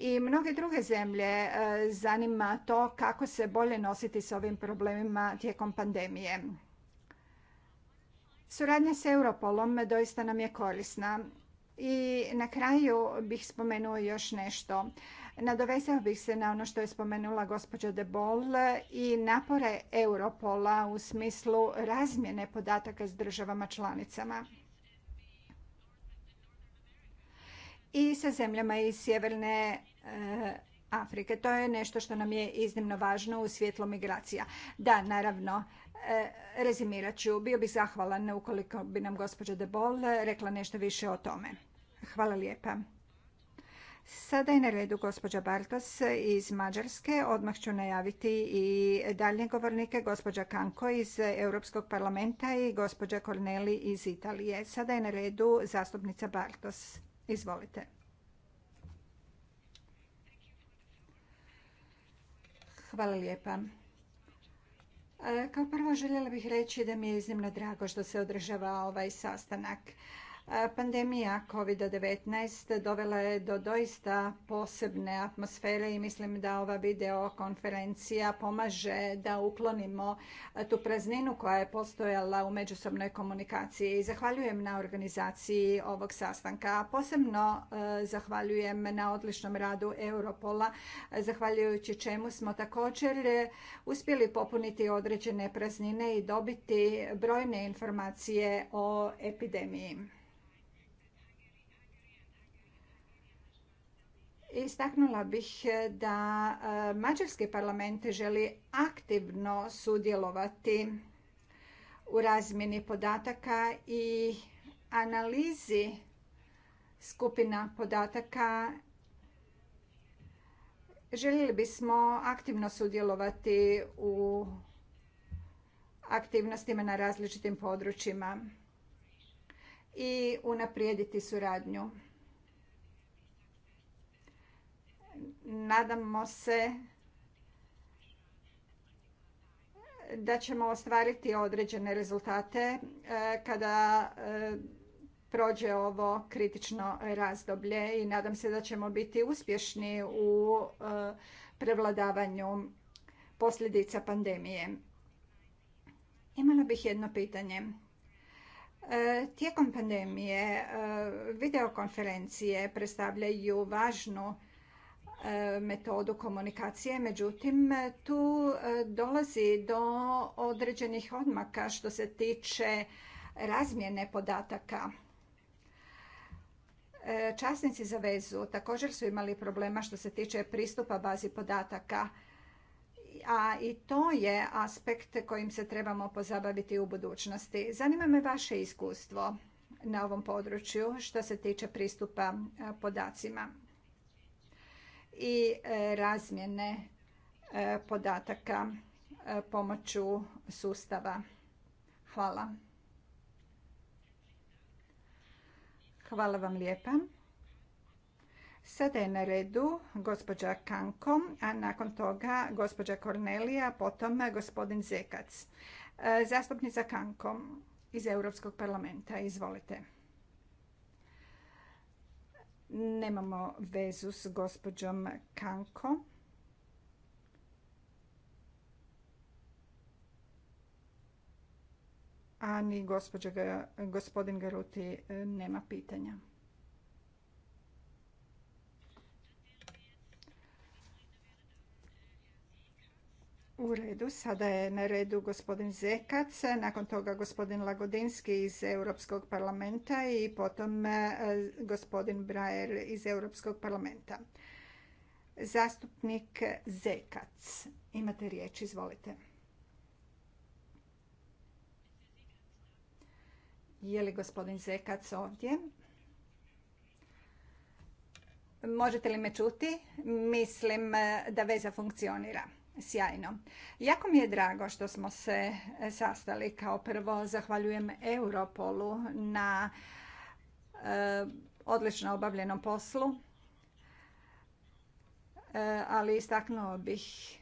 I mnoge druge zemlje e, zanima to kako se bolje nositi s ovim problemima tijekom pandemije. Suradnja s Europolom doista nam je korisna. I na kraju bih spomenuo još nešto. Nadovezao bih se na ono što je spomenula gospođa De Bol i napore Europola u smislu razmjene podataka s državama članicama. i sa zemljama iz Sjeverne eh, Afrike. To je nešto što nam je iznimno važno u svjetlu migracija. Da, naravno, eh, rezimirat ću. Bio bih zahvalan ukoliko bi nam gospođa De Bol rekla nešto više o tome. Hvala lijepa. Sada je na redu gospođa Bartos iz Mađarske. Odmah ću najaviti i dalje govornike, gospođa Kanko iz Europskog parlamenta i gospođa Korneli iz Italije. Sada je na redu zastupnica Bartos. Izvolite. Hvala lijepa. E, kao prvo željela bih reći da mi je iznimno drago što se održava ovaj sastanak. Pandemija COVID-19 dovela je do doista posebne atmosfere i mislim da ova videokonferencija pomaže da uklonimo tu prazninu koja je postojala u međusobnoj komunikaciji. Zahvaljujem na organizaciji ovog sastanka. Posebno e, zahvaljujem na odličnom radu Europola, zahvaljujući čemu smo također e, uspjeli popuniti određene praznine i dobiti brojne informacije o epidemiji. Istaknula bih e, da e, mađarski parlament želi aktivno sudjelovati u razmjeni podataka i analizi skupina podataka željeli bismo aktivno sudjelovati u aktivnostima na različitim područjima i unaprijediti suradnju. Nadamo se da ćemo ostvariti određene rezultate e, kada e, prođe ovo kritično razdoblje i nadam se da ćemo biti uspješni u e, prevladavanju posljedica pandemije. Imala bih jedno pitanje. Tijekom pandemije videokonferencije predstavljaju važnu E, metodu komunikacije, međutim e, tu e, dolazi do određenih odmaka što se tiče razmjene podataka. Časnici za vezu također su imali problema što se tiče pristupa bazi podataka, a i to je aspekt kojim se trebamo pozabaviti u budućnosti. Zanima me vaše iskustvo na ovom području što se tiče pristupa podacima i e, razmjene e, podataka e, pomoću sustava. Hvala. Hvala vam lijepa. Sada je na redu gospođa Kankom, a nakon toga gospođa Kornelija, potom gospodin Zekac. Zastupnica Kankom iz Europskog parlamenta, izvolite. Nemamo vezu s gospođom Kanko. Ani gospodin Garuti e, nema pitanja. U redu, sada je na redu gospodin Zekac, nakon toga gospodin Lagodinski iz Europskog parlamenta i potom e, gospodin Brajer iz Europskog parlamenta. Zastupnik Zekac, imate riječ, izvolite. Je li gospodin Zekac ovdje? Možete li me čuti? Mislim e, da veza funkcionira. Sjajno. Jako mi je drago što smo se e, sastali. Kao prvo zahvaljujem Europolu na e, odlično obavljenom poslu, e, ali istaknuo bih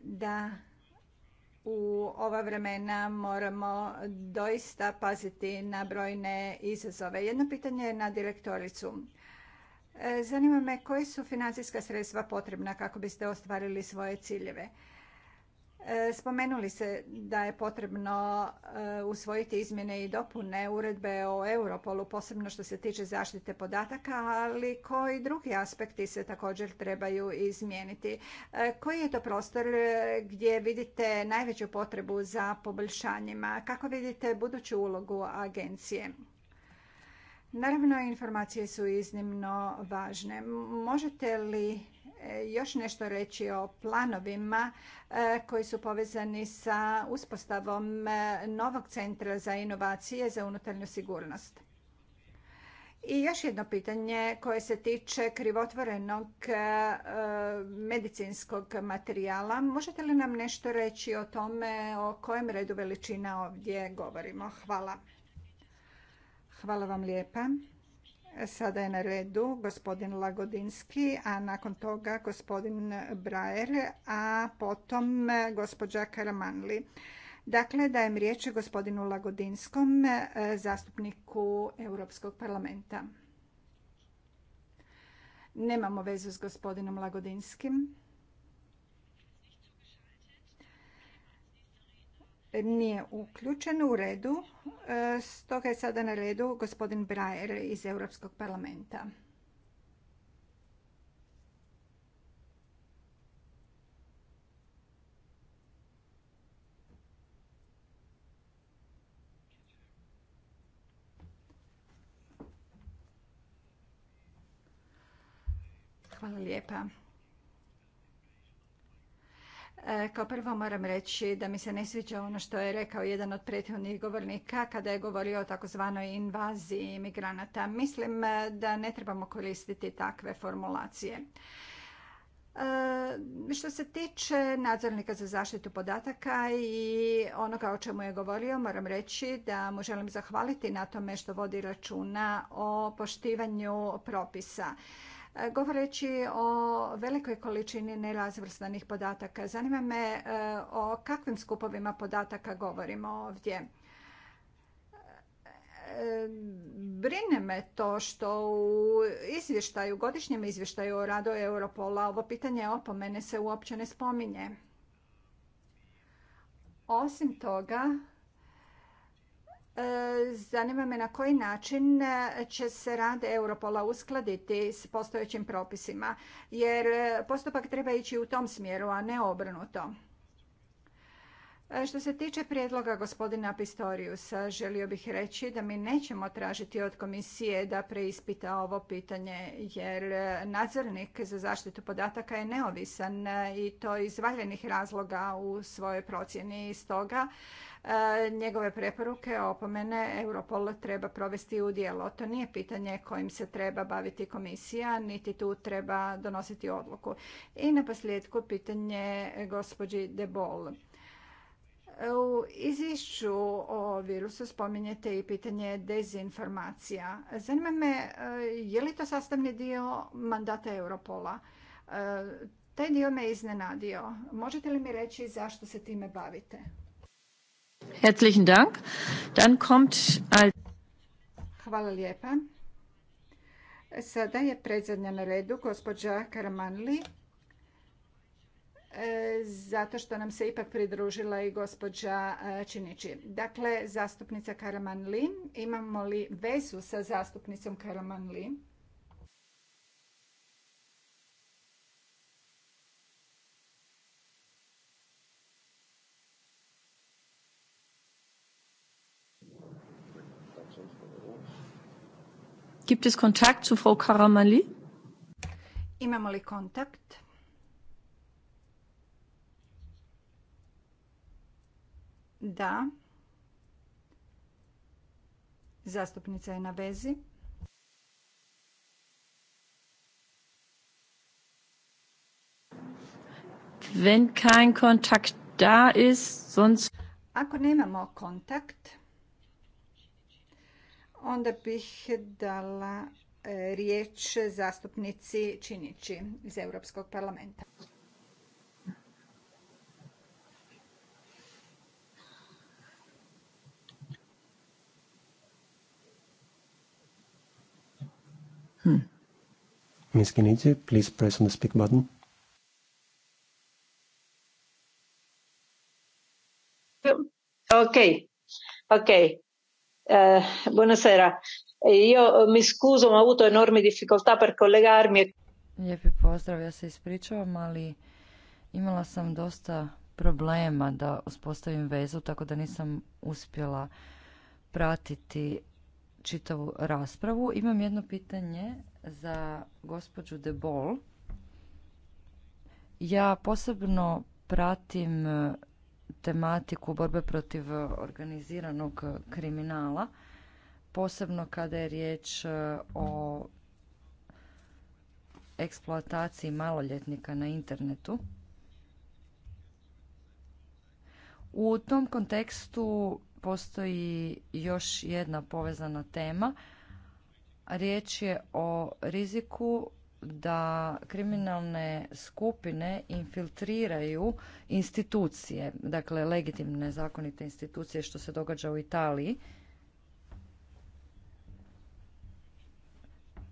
da u ova vremena moramo doista paziti na brojne izazove. Jedno pitanje je na direktoricu. Zanima me koje su financijska sredstva potrebna kako biste ostvarili svoje ciljeve. E, spomenuli se da je potrebno e, usvojiti izmjene i dopune uredbe o Europolu, posebno što se tiče zaštite podataka, ali koji drugi aspekti se također trebaju izmijeniti? E, koji je to prostor gdje vidite najveću potrebu za poboljšanjima? Kako vidite buduću ulogu agencije? Naravno, informacije su iznimno važne. Možete li e, još nešto reći o planovima e, koji su povezani sa uspostavom e, novog centra za inovacije za unutarnju sigurnost? I još jedno pitanje koje se tiče krivotvorenog medicinskog materijala. Možete li nam nešto reći o tome o kojem redu veličina ovdje govorimo? Hvala. Hvala vam lijepa. Sada je na redu gospodin Lagodinski, a nakon toga gospodin Brajer, a potom gospođa Karamanli. Dakle, dajem riječ gospodinu Lagodinskom, zastupniku Europskog parlamenta. Nemamo vezu s gospodinom Lagodinskim. nije uključen u redu. E, stoga je sada na redu gospodin Brajer iz Europskog parlamenta. Hvala lijepa. E, kao prvo moram reći da mi se ne sviđa ono što je rekao jedan od prethodnih govornika kada je govorio o takozvanoj invaziji migranata. Mislim e, da ne trebamo koristiti takve formulacije. E, što se tiče nadzornika za zaštitu podataka i onoga o čemu je govorio, moram reći da mu želim zahvaliti na tome što vodi računa o poštivanju propisa. E, govoreći o velikoj količini nerazvrstanih podataka, zanima me e, o kakvim skupovima podataka govorimo ovdje. E, brine me to što u izvještaju, godišnjem izvještaju o radu Europola ovo pitanje opomene se uopće ne spominje. Osim toga, E, zanima me na koji način e, će se rad Europola uskladiti s postojećim propisima, jer e, postupak treba ići u tom smjeru, a ne obrnuto. Što se tiče prijedloga gospodina Pistoriusa, želio bih reći da mi nećemo tražiti od komisije da preispita ovo pitanje, jer nadzornik za zaštitu podataka je neovisan i to iz valjenih razloga u svojoj procjeni. Stoga E, njegove preporuke, opomene, Europol treba provesti u dijelo. To nije pitanje kojim se treba baviti komisija, niti tu treba donositi odluku. I na posljedku pitanje gospođi De U izvješću o virusu spominjete i pitanje dezinformacija. Zanima me, e, je li to sastavni dio mandata Europola? E, taj dio me iznenadio. Možete li mi reći zašto se time bavite? Herzlichen Dank. Dann kommt Hvala lijepa. Sada je predzadnja na redu gospođa Karamanli, e, zato što nam se ipak pridružila i gospođa e, Činići. Dakle, zastupnica Karamanli, imamo li vezu sa zastupnicom Karamanli? Gibt es Kontakt zu Frau Karamali? Imamo li kontakt? Da. Zastupnica je na vezi. Wenn kein Kontakt da ist, sonst... Ako nemamo kontakt, onda bih dala e, riječ zastupnici Činići iz Europskog parlamenta. Ms. Hmm. please press on the speak button. Okay, okay. Eh, buonasera, io eh, mi scuso ma ho avuto enormi difficoltà per collegarmi. E Lijepi pozdrav, ja se ispričavam, ali imala sam dosta problema da uspostavim vezu, tako da nisam uspjela pratiti čitavu raspravu. Imam jedno pitanje za gospođu De Bol. Ja posebno pratim eh, tematiku borbe protiv organiziranog kriminala, posebno kada je riječ e, o eksploataciji maloljetnika na internetu. U tom kontekstu postoji još jedna povezana tema. Riječ je o riziku da kriminalne skupine infiltriraju institucije, dakle legitimne zakonite institucije što se događa u Italiji.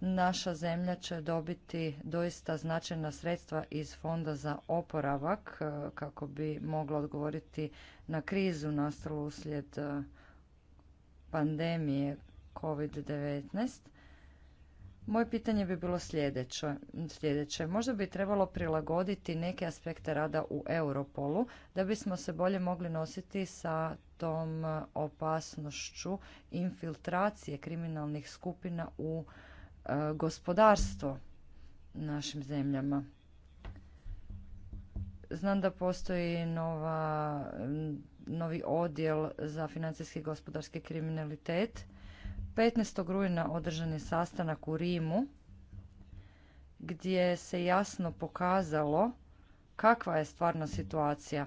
Naša zemlja će dobiti doista značajna sredstva iz Fonda za oporavak e, kako bi mogla odgovoriti na krizu nastalu uslijed e, pandemije COVID-19 moje pitanje bi bilo sljedeće. sljedeće. Možda bi trebalo prilagoditi neke aspekte rada u Europolu da bismo se bolje mogli nositi sa tom opasnošću infiltracije kriminalnih skupina u e, gospodarstvo našim zemljama. Znam da postoji nova, novi odjel za financijski i gospodarski kriminalitet 15. rujna održan je sastanak u Rimu gdje se jasno pokazalo kakva je stvarna situacija.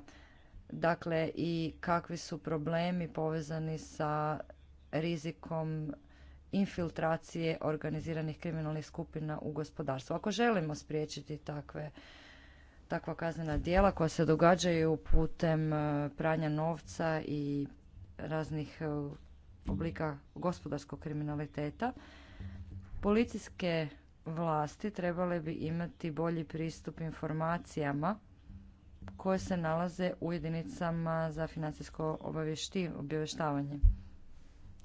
Dakle i kakvi su problemi povezani sa rizikom infiltracije organiziranih kriminalnih skupina u gospodarstvu. Ako želimo spriječiti takve takva kaznena djela koja se događaju putem eh, pranja novca i raznih eh, oblika gospodarskog kriminaliteta, policijske vlasti trebale bi imati bolji pristup informacijama koje se nalaze u jedinicama za financijsko obavještavanje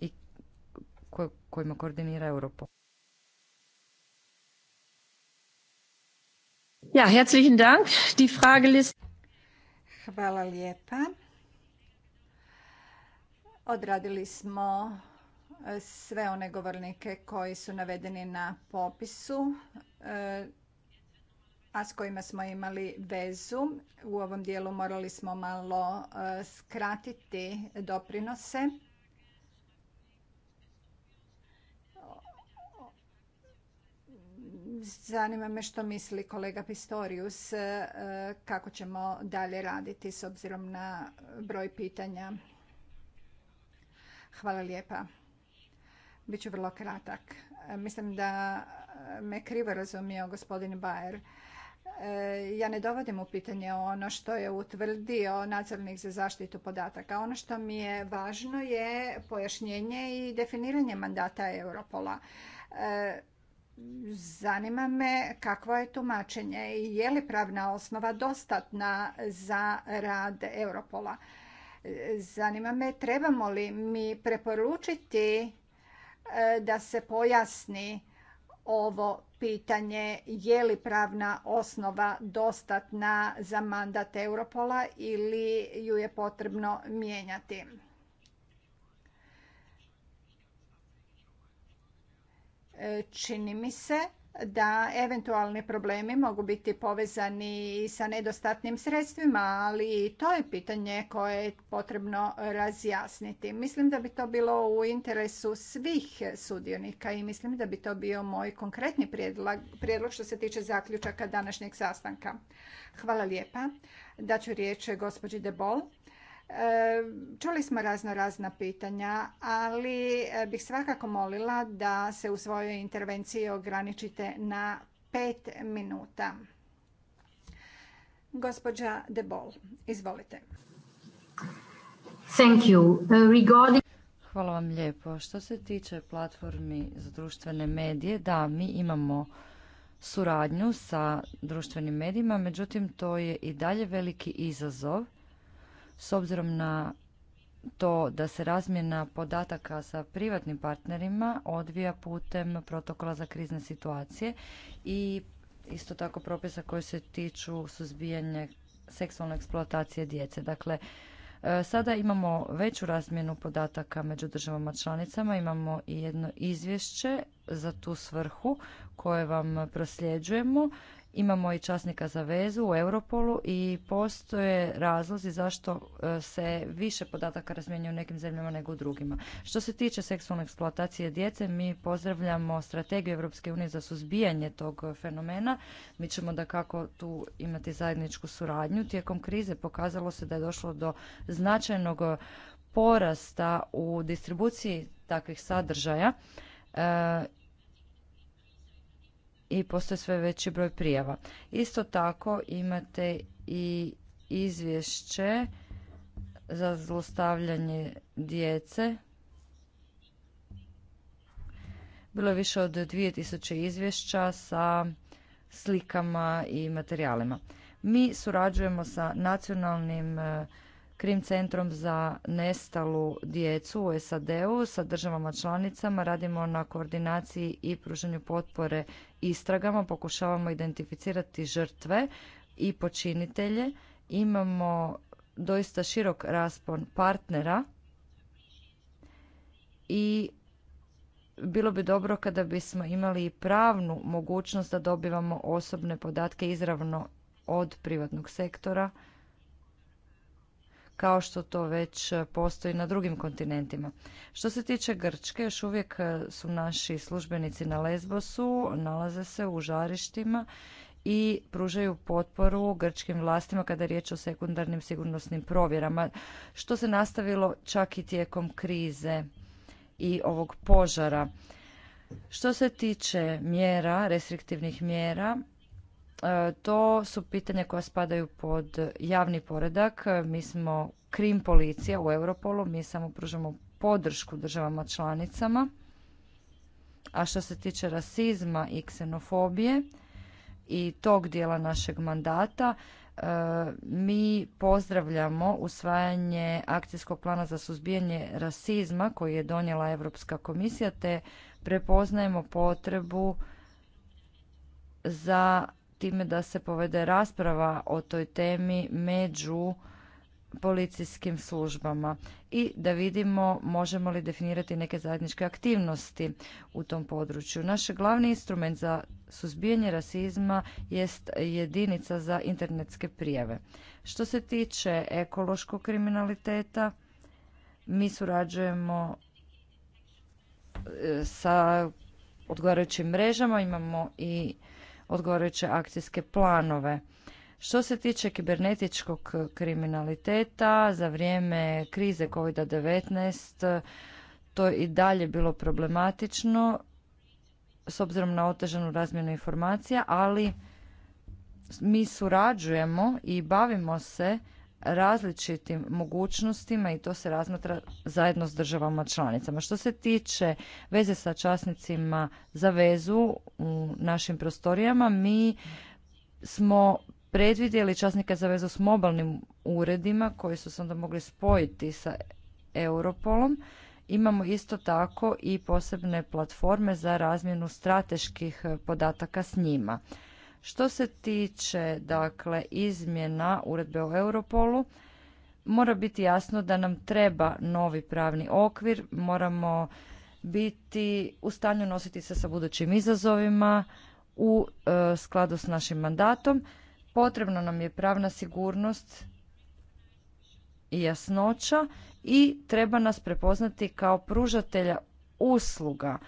i kojima koordinira Europol. Ja, herzlichen Dank. Die Frage Hvala lijepa. Odradili smo e, sve one govornike koji su navedeni na popisu, e, a s kojima smo imali vezu. U ovom dijelu morali smo malo e, skratiti doprinose. Zanima me što misli kolega Pistorius kako ćemo dalje raditi s obzirom na broj pitanja Hvala lijepa. Biću vrlo kratak. E, mislim da me krivo razumio gospodin Bajer. E, ja ne dovodim u pitanje ono što je utvrdio nadzornik za zaštitu podataka. Ono što mi je važno je pojašnjenje i definiranje mandata Europola. E, zanima me kakvo je tumačenje i je li pravna osnova dostatna za rad Europola. Zanima me trebamo li mi preporučiti e, da se pojasni ovo pitanje je li pravna osnova dostatna za mandat Europola ili ju je potrebno mijenjati. E, čini mi se da eventualni problemi mogu biti povezani sa nedostatnim sredstvima, ali to je pitanje koje je potrebno razjasniti. Mislim da bi to bilo u interesu svih sudionika i mislim da bi to bio moj konkretni prijedlog, prijedlog što se tiče zaključaka današnjeg sastanka. Hvala lijepa. Daću riječ gospođi Debol. Čuli smo razno razna pitanja, ali e, bih svakako molila da se u svojoj intervenciji ograničite na pet minuta. Gospođa Debol, izvolite. Thank you. Uh, regarding... Hvala vam lijepo. Što se tiče platformi za društvene medije, da, mi imamo suradnju sa društvenim medijima, međutim to je i dalje veliki izazov s obzirom na to da se razmjena podataka sa privatnim partnerima odvija putem protokola za krizne situacije i isto tako propisa koji se tiču suzbijanja seksualne eksploatacije djece. Dakle, e, sada imamo veću razmjenu podataka među državama članicama, imamo i jedno izvješće za tu svrhu koje vam prosljeđujemo Imamo i časnika za vezu u Europolu i postoje razlozi zašto e, se više podataka razmjenjuje u nekim zemljama nego u drugima. Što se tiče seksualne eksploatacije djece, mi pozdravljamo strategiju Europske unije za suzbijanje tog fenomena. Mi ćemo da kako tu imati zajedničku suradnju. Tijekom krize pokazalo se da je došlo do značajnog porasta u distribuciji takvih sadržaja e, i postoje sve veći broj prijava. Isto tako imate i izvješće za zlostavljanje djece. Bilo je više od 2000 izvješća sa slikama i materijalima. Mi surađujemo sa nacionalnim eh, Krim centrom za nestalu djecu u SAD-u sa državama članicama. Radimo na koordinaciji i pružanju potpore istragama. Pokušavamo identificirati žrtve i počinitelje. Imamo doista širok raspon partnera i bilo bi dobro kada bismo imali pravnu mogućnost da dobivamo osobne podatke izravno od privatnog sektora kao što to već postoji na drugim kontinentima. Što se tiče Grčke, još uvijek su naši službenici na Lesbosu, nalaze se u žarištima i pružaju potporu grčkim vlastima kada je riječ o sekundarnim sigurnosnim provjerama, što se nastavilo čak i tijekom krize i ovog požara. Što se tiče mjera, restriktivnih mjera, E, to su pitanja koja spadaju pod javni poredak. Mi smo krim policija u Europolu, mi samo pružamo podršku državama članicama. A što se tiče rasizma i ksenofobije i tog dijela našeg mandata, e, mi pozdravljamo usvajanje akcijskog plana za suzbijanje rasizma koji je donijela Europska komisija te prepoznajemo potrebu za time da se povede rasprava o toj temi među policijskim službama i da vidimo možemo li definirati neke zajedničke aktivnosti u tom području. Naš glavni instrument za suzbijanje rasizma jest jedinica za internetske prijave. Što se tiče ekološkog kriminaliteta, mi surađujemo e, sa odgovarajućim mrežama, imamo i odgovarajuće akcijske planove. Što se tiče kibernetičkog kriminaliteta, za vrijeme krize COVID-19 to je i dalje bilo problematično s obzirom na otežanu razmjenu informacija, ali mi surađujemo i bavimo se različitim mogućnostima i to se razmatra zajedno s državama članicama. Što se tiče veze sa časnicima za vezu u našim prostorijama, mi smo predvidjeli časnike za vezu s mobilnim uredima koji su se onda mogli spojiti sa Europolom. Imamo isto tako i posebne platforme za razmjenu strateških podataka s njima. Što se tiče dakle izmjena uredbe o Europolu, mora biti jasno da nam treba novi pravni okvir, moramo biti u stanju nositi se sa budućim izazovima u e, skladu s našim mandatom. Potrebna nam je pravna sigurnost i jasnoća i treba nas prepoznati kao pružatelja usluga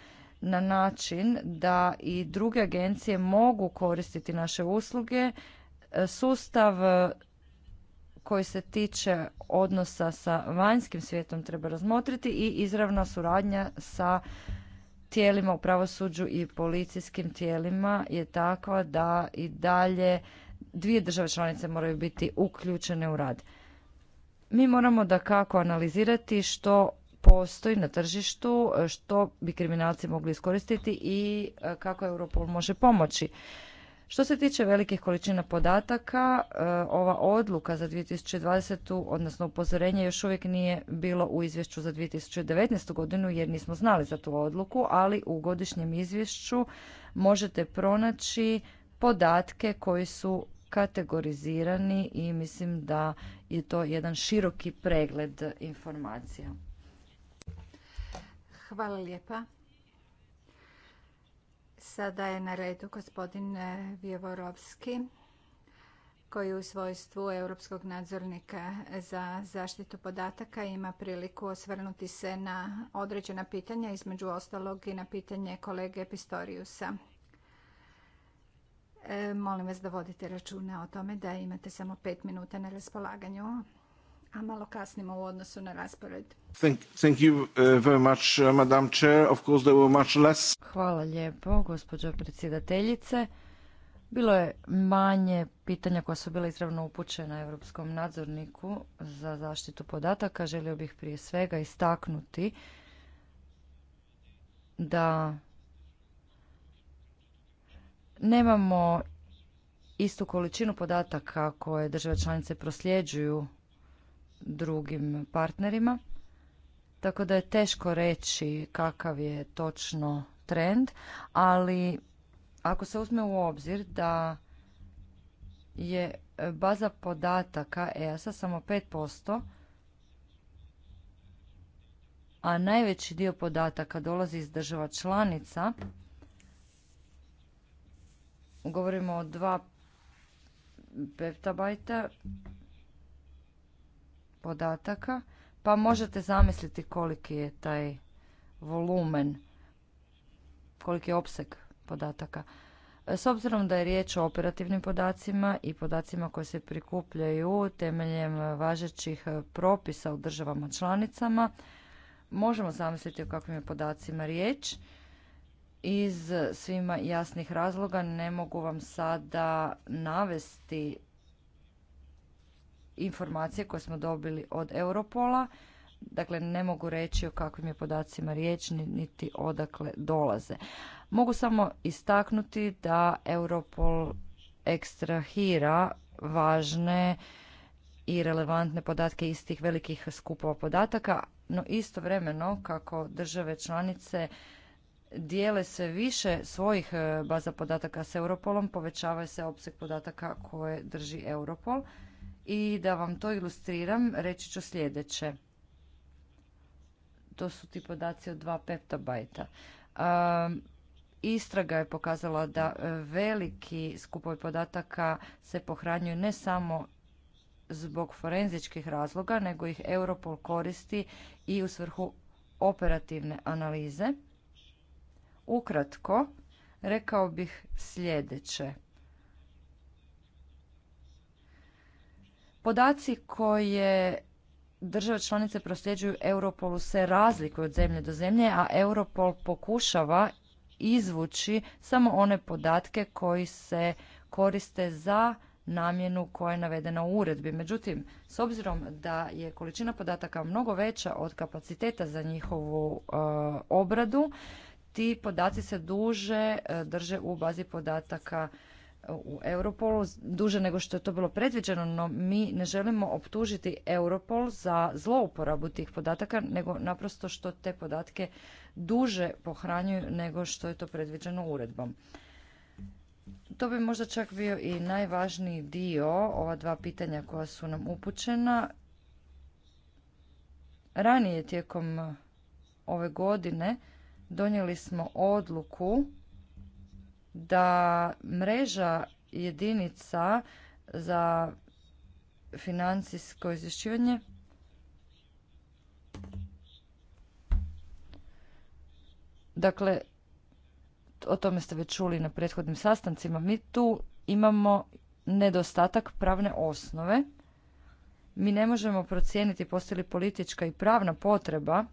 na način da i druge agencije mogu koristiti naše usluge. E, sustav e, koji se tiče odnosa sa vanjskim svijetom treba razmotriti i izravna suradnja sa tijelima u pravosuđu i policijskim tijelima je takva da i dalje dvije države članice moraju biti uključene u rad. Mi moramo da kako analizirati što postoji na tržištu, e, što bi kriminalci mogli iskoristiti i e, kako Europol može pomoći. Što se tiče velikih količina podataka, e, ova odluka za 2020. odnosno upozorenje još uvijek nije bilo u izvješću za 2019. godinu jer nismo znali za tu odluku, ali u godišnjem izvješću možete pronaći podatke koji su kategorizirani i mislim da je to jedan široki pregled informacija. Hvala lijepa. Sada je na redu gospodin eh, Vjevorovski koji u svojstvu europskog nadzornika za zaštitu podataka ima priliku osvrnuti se na određena pitanja, između ostalog i na pitanje kolege Pistoriusa. Eh, molim vas da vodite računa o tome da imate samo pet minuta na raspolaganju a malo kasnimo u odnosu na raspored. Thank, Hvala lijepo, gospođo predsjedateljice. Bilo je manje pitanja koja su bila izravno upućena Europskom nadzorniku za zaštitu podataka. Želio bih prije svega istaknuti da nemamo istu količinu podataka koje države članice prosljeđuju drugim partnerima. Tako da je teško reći kakav je točno trend, ali ako se uzme u obzir da je baza podataka ESA samo 5%, a najveći dio podataka dolazi iz država članica, govorimo o 2 petabajta, podataka, pa možete zamisliti koliki je taj volumen, koliki je opseg podataka. S obzirom da je riječ o operativnim podacima i podacima koje se prikupljaju temeljem važećih propisa u državama članicama, možemo zamisliti o kakvim je podacima riječ. Iz svima jasnih razloga ne mogu vam sada navesti informacije koje smo dobili od Europola. Dakle, ne mogu reći o kakvim je podacima riječ, niti odakle dolaze. Mogu samo istaknuti da Europol ekstrahira važne i relevantne podatke iz tih velikih skupova podataka, no istovremeno kako države članice dijele se više svojih e, baza podataka s Europolom, povećava se opseg podataka koje drži Europol. I da vam to ilustriram, reći ću sljedeće. To su ti podaci od 2 peptabajta. istraga je pokazala da veliki skupoj podataka se pohranjuju ne samo zbog forenzičkih razloga, nego ih Europol koristi i u svrhu operativne analize. Ukratko, rekao bih sljedeće. Podaci koje države članice prosljeđuju Europolu se razlikuju od zemlje do zemlje, a Europol pokušava izvući samo one podatke koji se koriste za namjenu koja je navedena u uredbi. Međutim, s obzirom da je količina podataka mnogo veća od kapaciteta za njihovu e, obradu, ti podaci se duže e, drže u bazi podataka u Europolu duže nego što je to bilo predviđeno, no mi ne želimo optužiti Europol za zlouporabu tih podataka, nego naprosto što te podatke duže pohranjuju nego što je to predviđeno uredbom. To bi možda čak bio i najvažniji dio ova dva pitanja koja su nam upućena. Ranije tijekom ove godine donijeli smo odluku da mreža jedinica za financijsko izvješćivanje Dakle, o tome ste već čuli na prethodnim sastancima. Mi tu imamo nedostatak pravne osnove. Mi ne možemo procijeniti postoji li politička i pravna potreba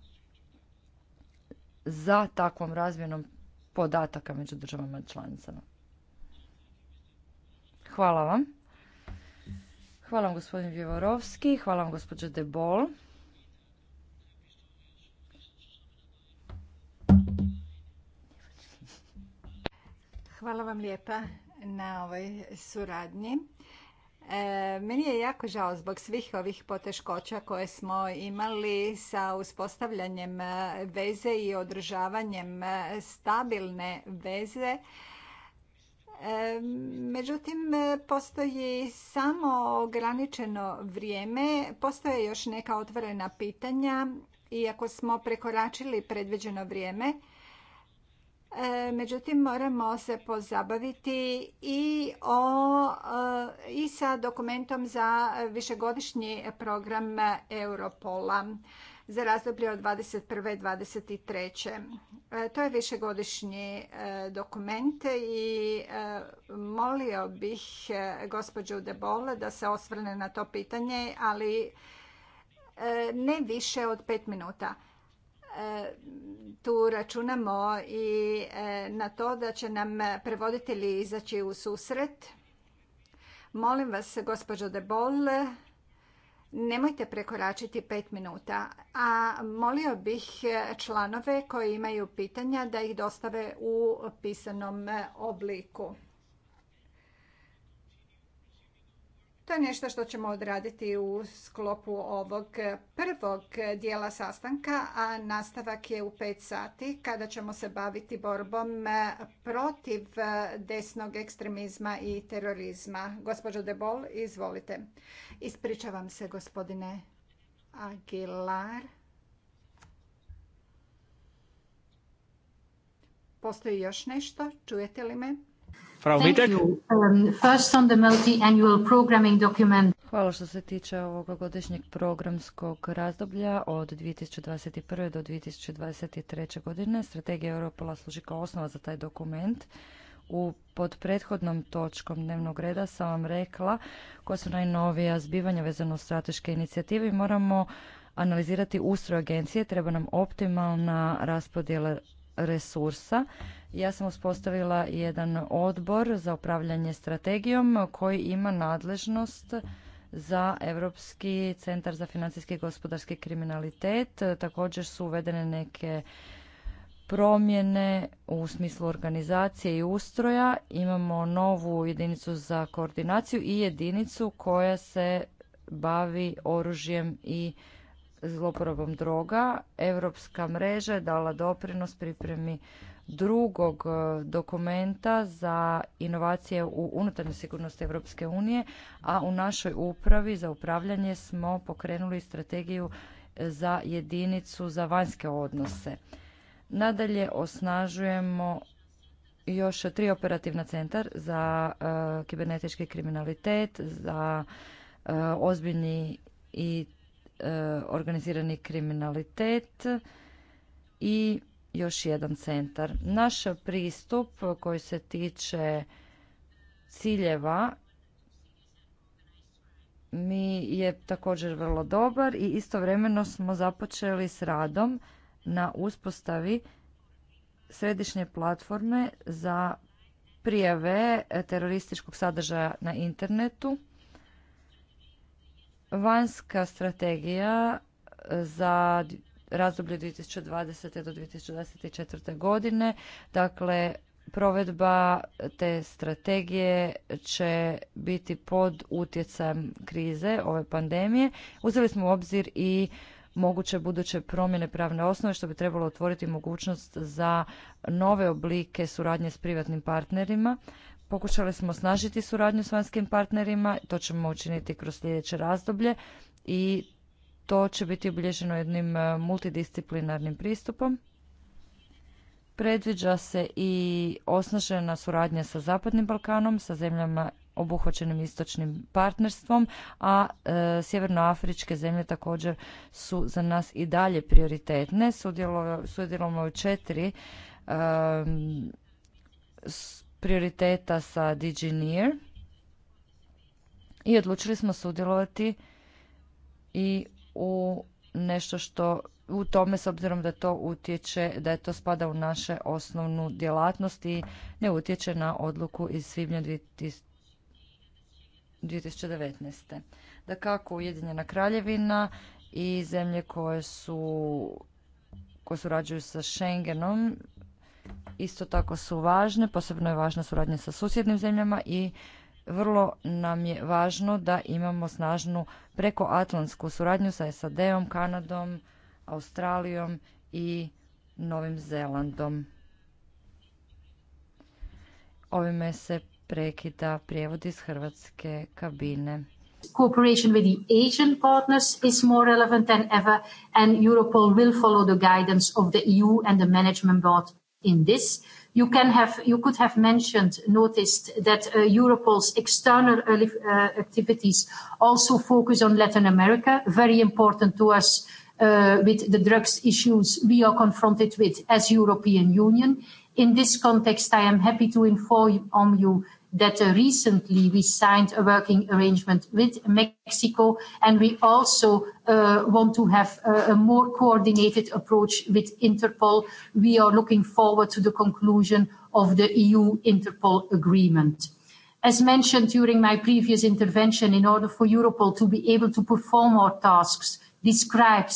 za takvom razmjenom podataka među državama članicama. Hvala vam. Hvala vam gospodin Vjevorovski, hvala vam gospođo Debol. Hvala vam lijepa na ovoj suradnji. E, meni je jako žao zbog svih ovih poteškoća koje smo imali sa uspostavljanjem e, veze i održavanjem e, stabilne veze. Međutim, postoji samo ograničeno vrijeme, postoje još neka otvorena pitanja i smo prekoračili predviđeno vrijeme, E, međutim, moramo se pozabaviti i, o, e, i sa dokumentom za višegodišnji program Europola za razdoblje od 21. i 23. To je višegodišnji e, dokument i molio bih gospođu Debole da se osvrne na to pitanje, ali ne više od pet minuta tu računamo i e, na to da će nam prevoditelji izaći u susret. Molim vas, gospođo De Bol, nemojte prekoračiti pet minuta, a molio bih članove koji imaju pitanja da ih dostave u pisanom obliku. To je nešto što ćemo odraditi u sklopu ovog prvog dijela sastanka, a nastavak je u 5 sati kada ćemo se baviti borbom protiv desnog ekstremizma i terorizma. Gospođo Debol, izvolite. Ispričavam se, gospodine Aguilar. Postoji još nešto? Čujete li me? Um, first on the multi Hvala što se tiče ovog godišnjeg programskog razdoblja od 2021. do 2023. godine. Strategija Europola služi kao osnova za taj dokument. U pod prethodnom točkom dnevnog reda sam vam rekla koja su najnovija zbivanja vezano uz strateške inicijative i moramo analizirati ustroj agencije. Treba nam optimalna raspodjela resursa. Ja sam uspostavila jedan odbor za upravljanje strategijom koji ima nadležnost za Europski centar za financijski i gospodarski kriminalitet. Također su uvedene neke promjene u smislu organizacije i ustroja. Imamo novu jedinicu za koordinaciju i jedinicu koja se bavi oružjem i zloporabom droga. Europska mreža je dala doprinos pripremi drugog e, dokumenta za inovacije u unutarnjoj sigurnosti Europske unije, a u našoj upravi za upravljanje smo pokrenuli strategiju e, za jedinicu za vanjske odnose. Nadalje osnažujemo još tri operativna centar za e, kibernetički kriminalitet, za ozbiljni i E, organizirani kriminalitet i još jedan centar. Naš pristup koji se tiče ciljeva mi je također vrlo dobar i istovremeno smo započeli s radom na uspostavi središnje platforme za prijave terorističkog sadržaja na internetu Vanjska strategija e, za razdoblje 2020. do 2024. godine, dakle provedba te strategije će biti pod utjecajem krize ove pandemije. Uzeli smo u obzir i moguće buduće promjene pravne osnove što bi trebalo otvoriti mogućnost za nove oblike suradnje s privatnim partnerima Pokušali smo snažiti suradnju s vanjskim partnerima, to ćemo učiniti kroz sljedeće razdoblje i to će biti obilježeno jednim e, multidisciplinarnim pristupom. Predviđa se i osnažena suradnja sa Zapadnim Balkanom, sa zemljama obuhvaćenim istočnim partnerstvom, a e, sjevernoafričke zemlje također su za nas i dalje prioritetne. Sudjelujemo u četiri e, prioriteta sa DigiNear i odlučili smo sudjelovati i u nešto što u tome s obzirom da to utječe, da je to spada u naše osnovnu djelatnost i ne utječe na odluku iz svibnja 2019. Da kako Ujedinjena kraljevina i zemlje koje su koje surađuju sa Schengenom isto tako su važne, posebno je važna suradnja sa susjednim zemljama i vrlo nam je važno da imamo snažnu prekoatlantsku suradnju sa SAD-om, Kanadom, Australijom i Novim Zelandom. Ovime se prekida prijevod iz hrvatske kabine. Cooperation with the Asian partners is more relevant than ever and Europol will follow the guidance of the EU and the management board in this. You can have you could have mentioned, noticed that uh, Europol's external uh, uh, activities also focus on Latin America, very important to us uh, with the drugs issues we are confronted with as European Union. In this context, I am happy to inform you that uh, recently we signed a working arrangement with Mexico, and we also uh, want to have a, more coordinated approach with Interpol. We are looking forward to the conclusion of the EU-Interpol agreement. As mentioned during my previous intervention, in order for Europol to be able to perform our tasks described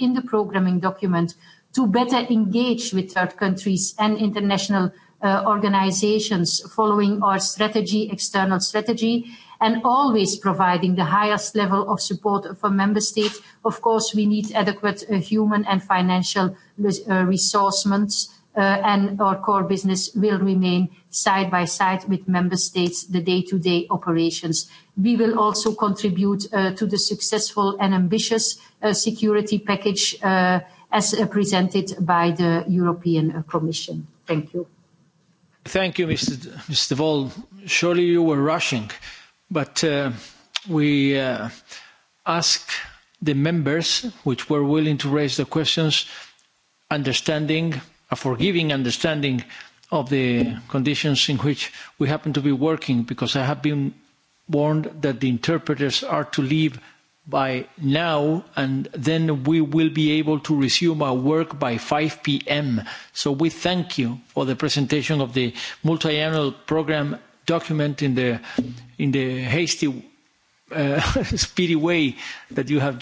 in the programming document, to better engage with third countries and international uh, organizations following our strategy, external strategy, and always providing the highest level of support for member states. Of course, we need adequate uh, human and financial res uh, resourcements, uh, and our core business will remain side by side with member states, the day-to-day operations. We will also contribute uh, to the successful and ambitious uh, security package uh, as uh, presented by the European Commission. Thank you. Thank you, Mr. Mr. Surely you were rushing, but uh, we uh, asked the members which were willing to raise the questions, understanding, a forgiving understanding of the conditions in which we happen to be working, because I have been warned that the interpreters are to leave by now and then we will be able to resume our work by 5 p.m. So we thank you for the presentation of the multi-annual program document in the, in the hasty, uh, *laughs* speedy way that you have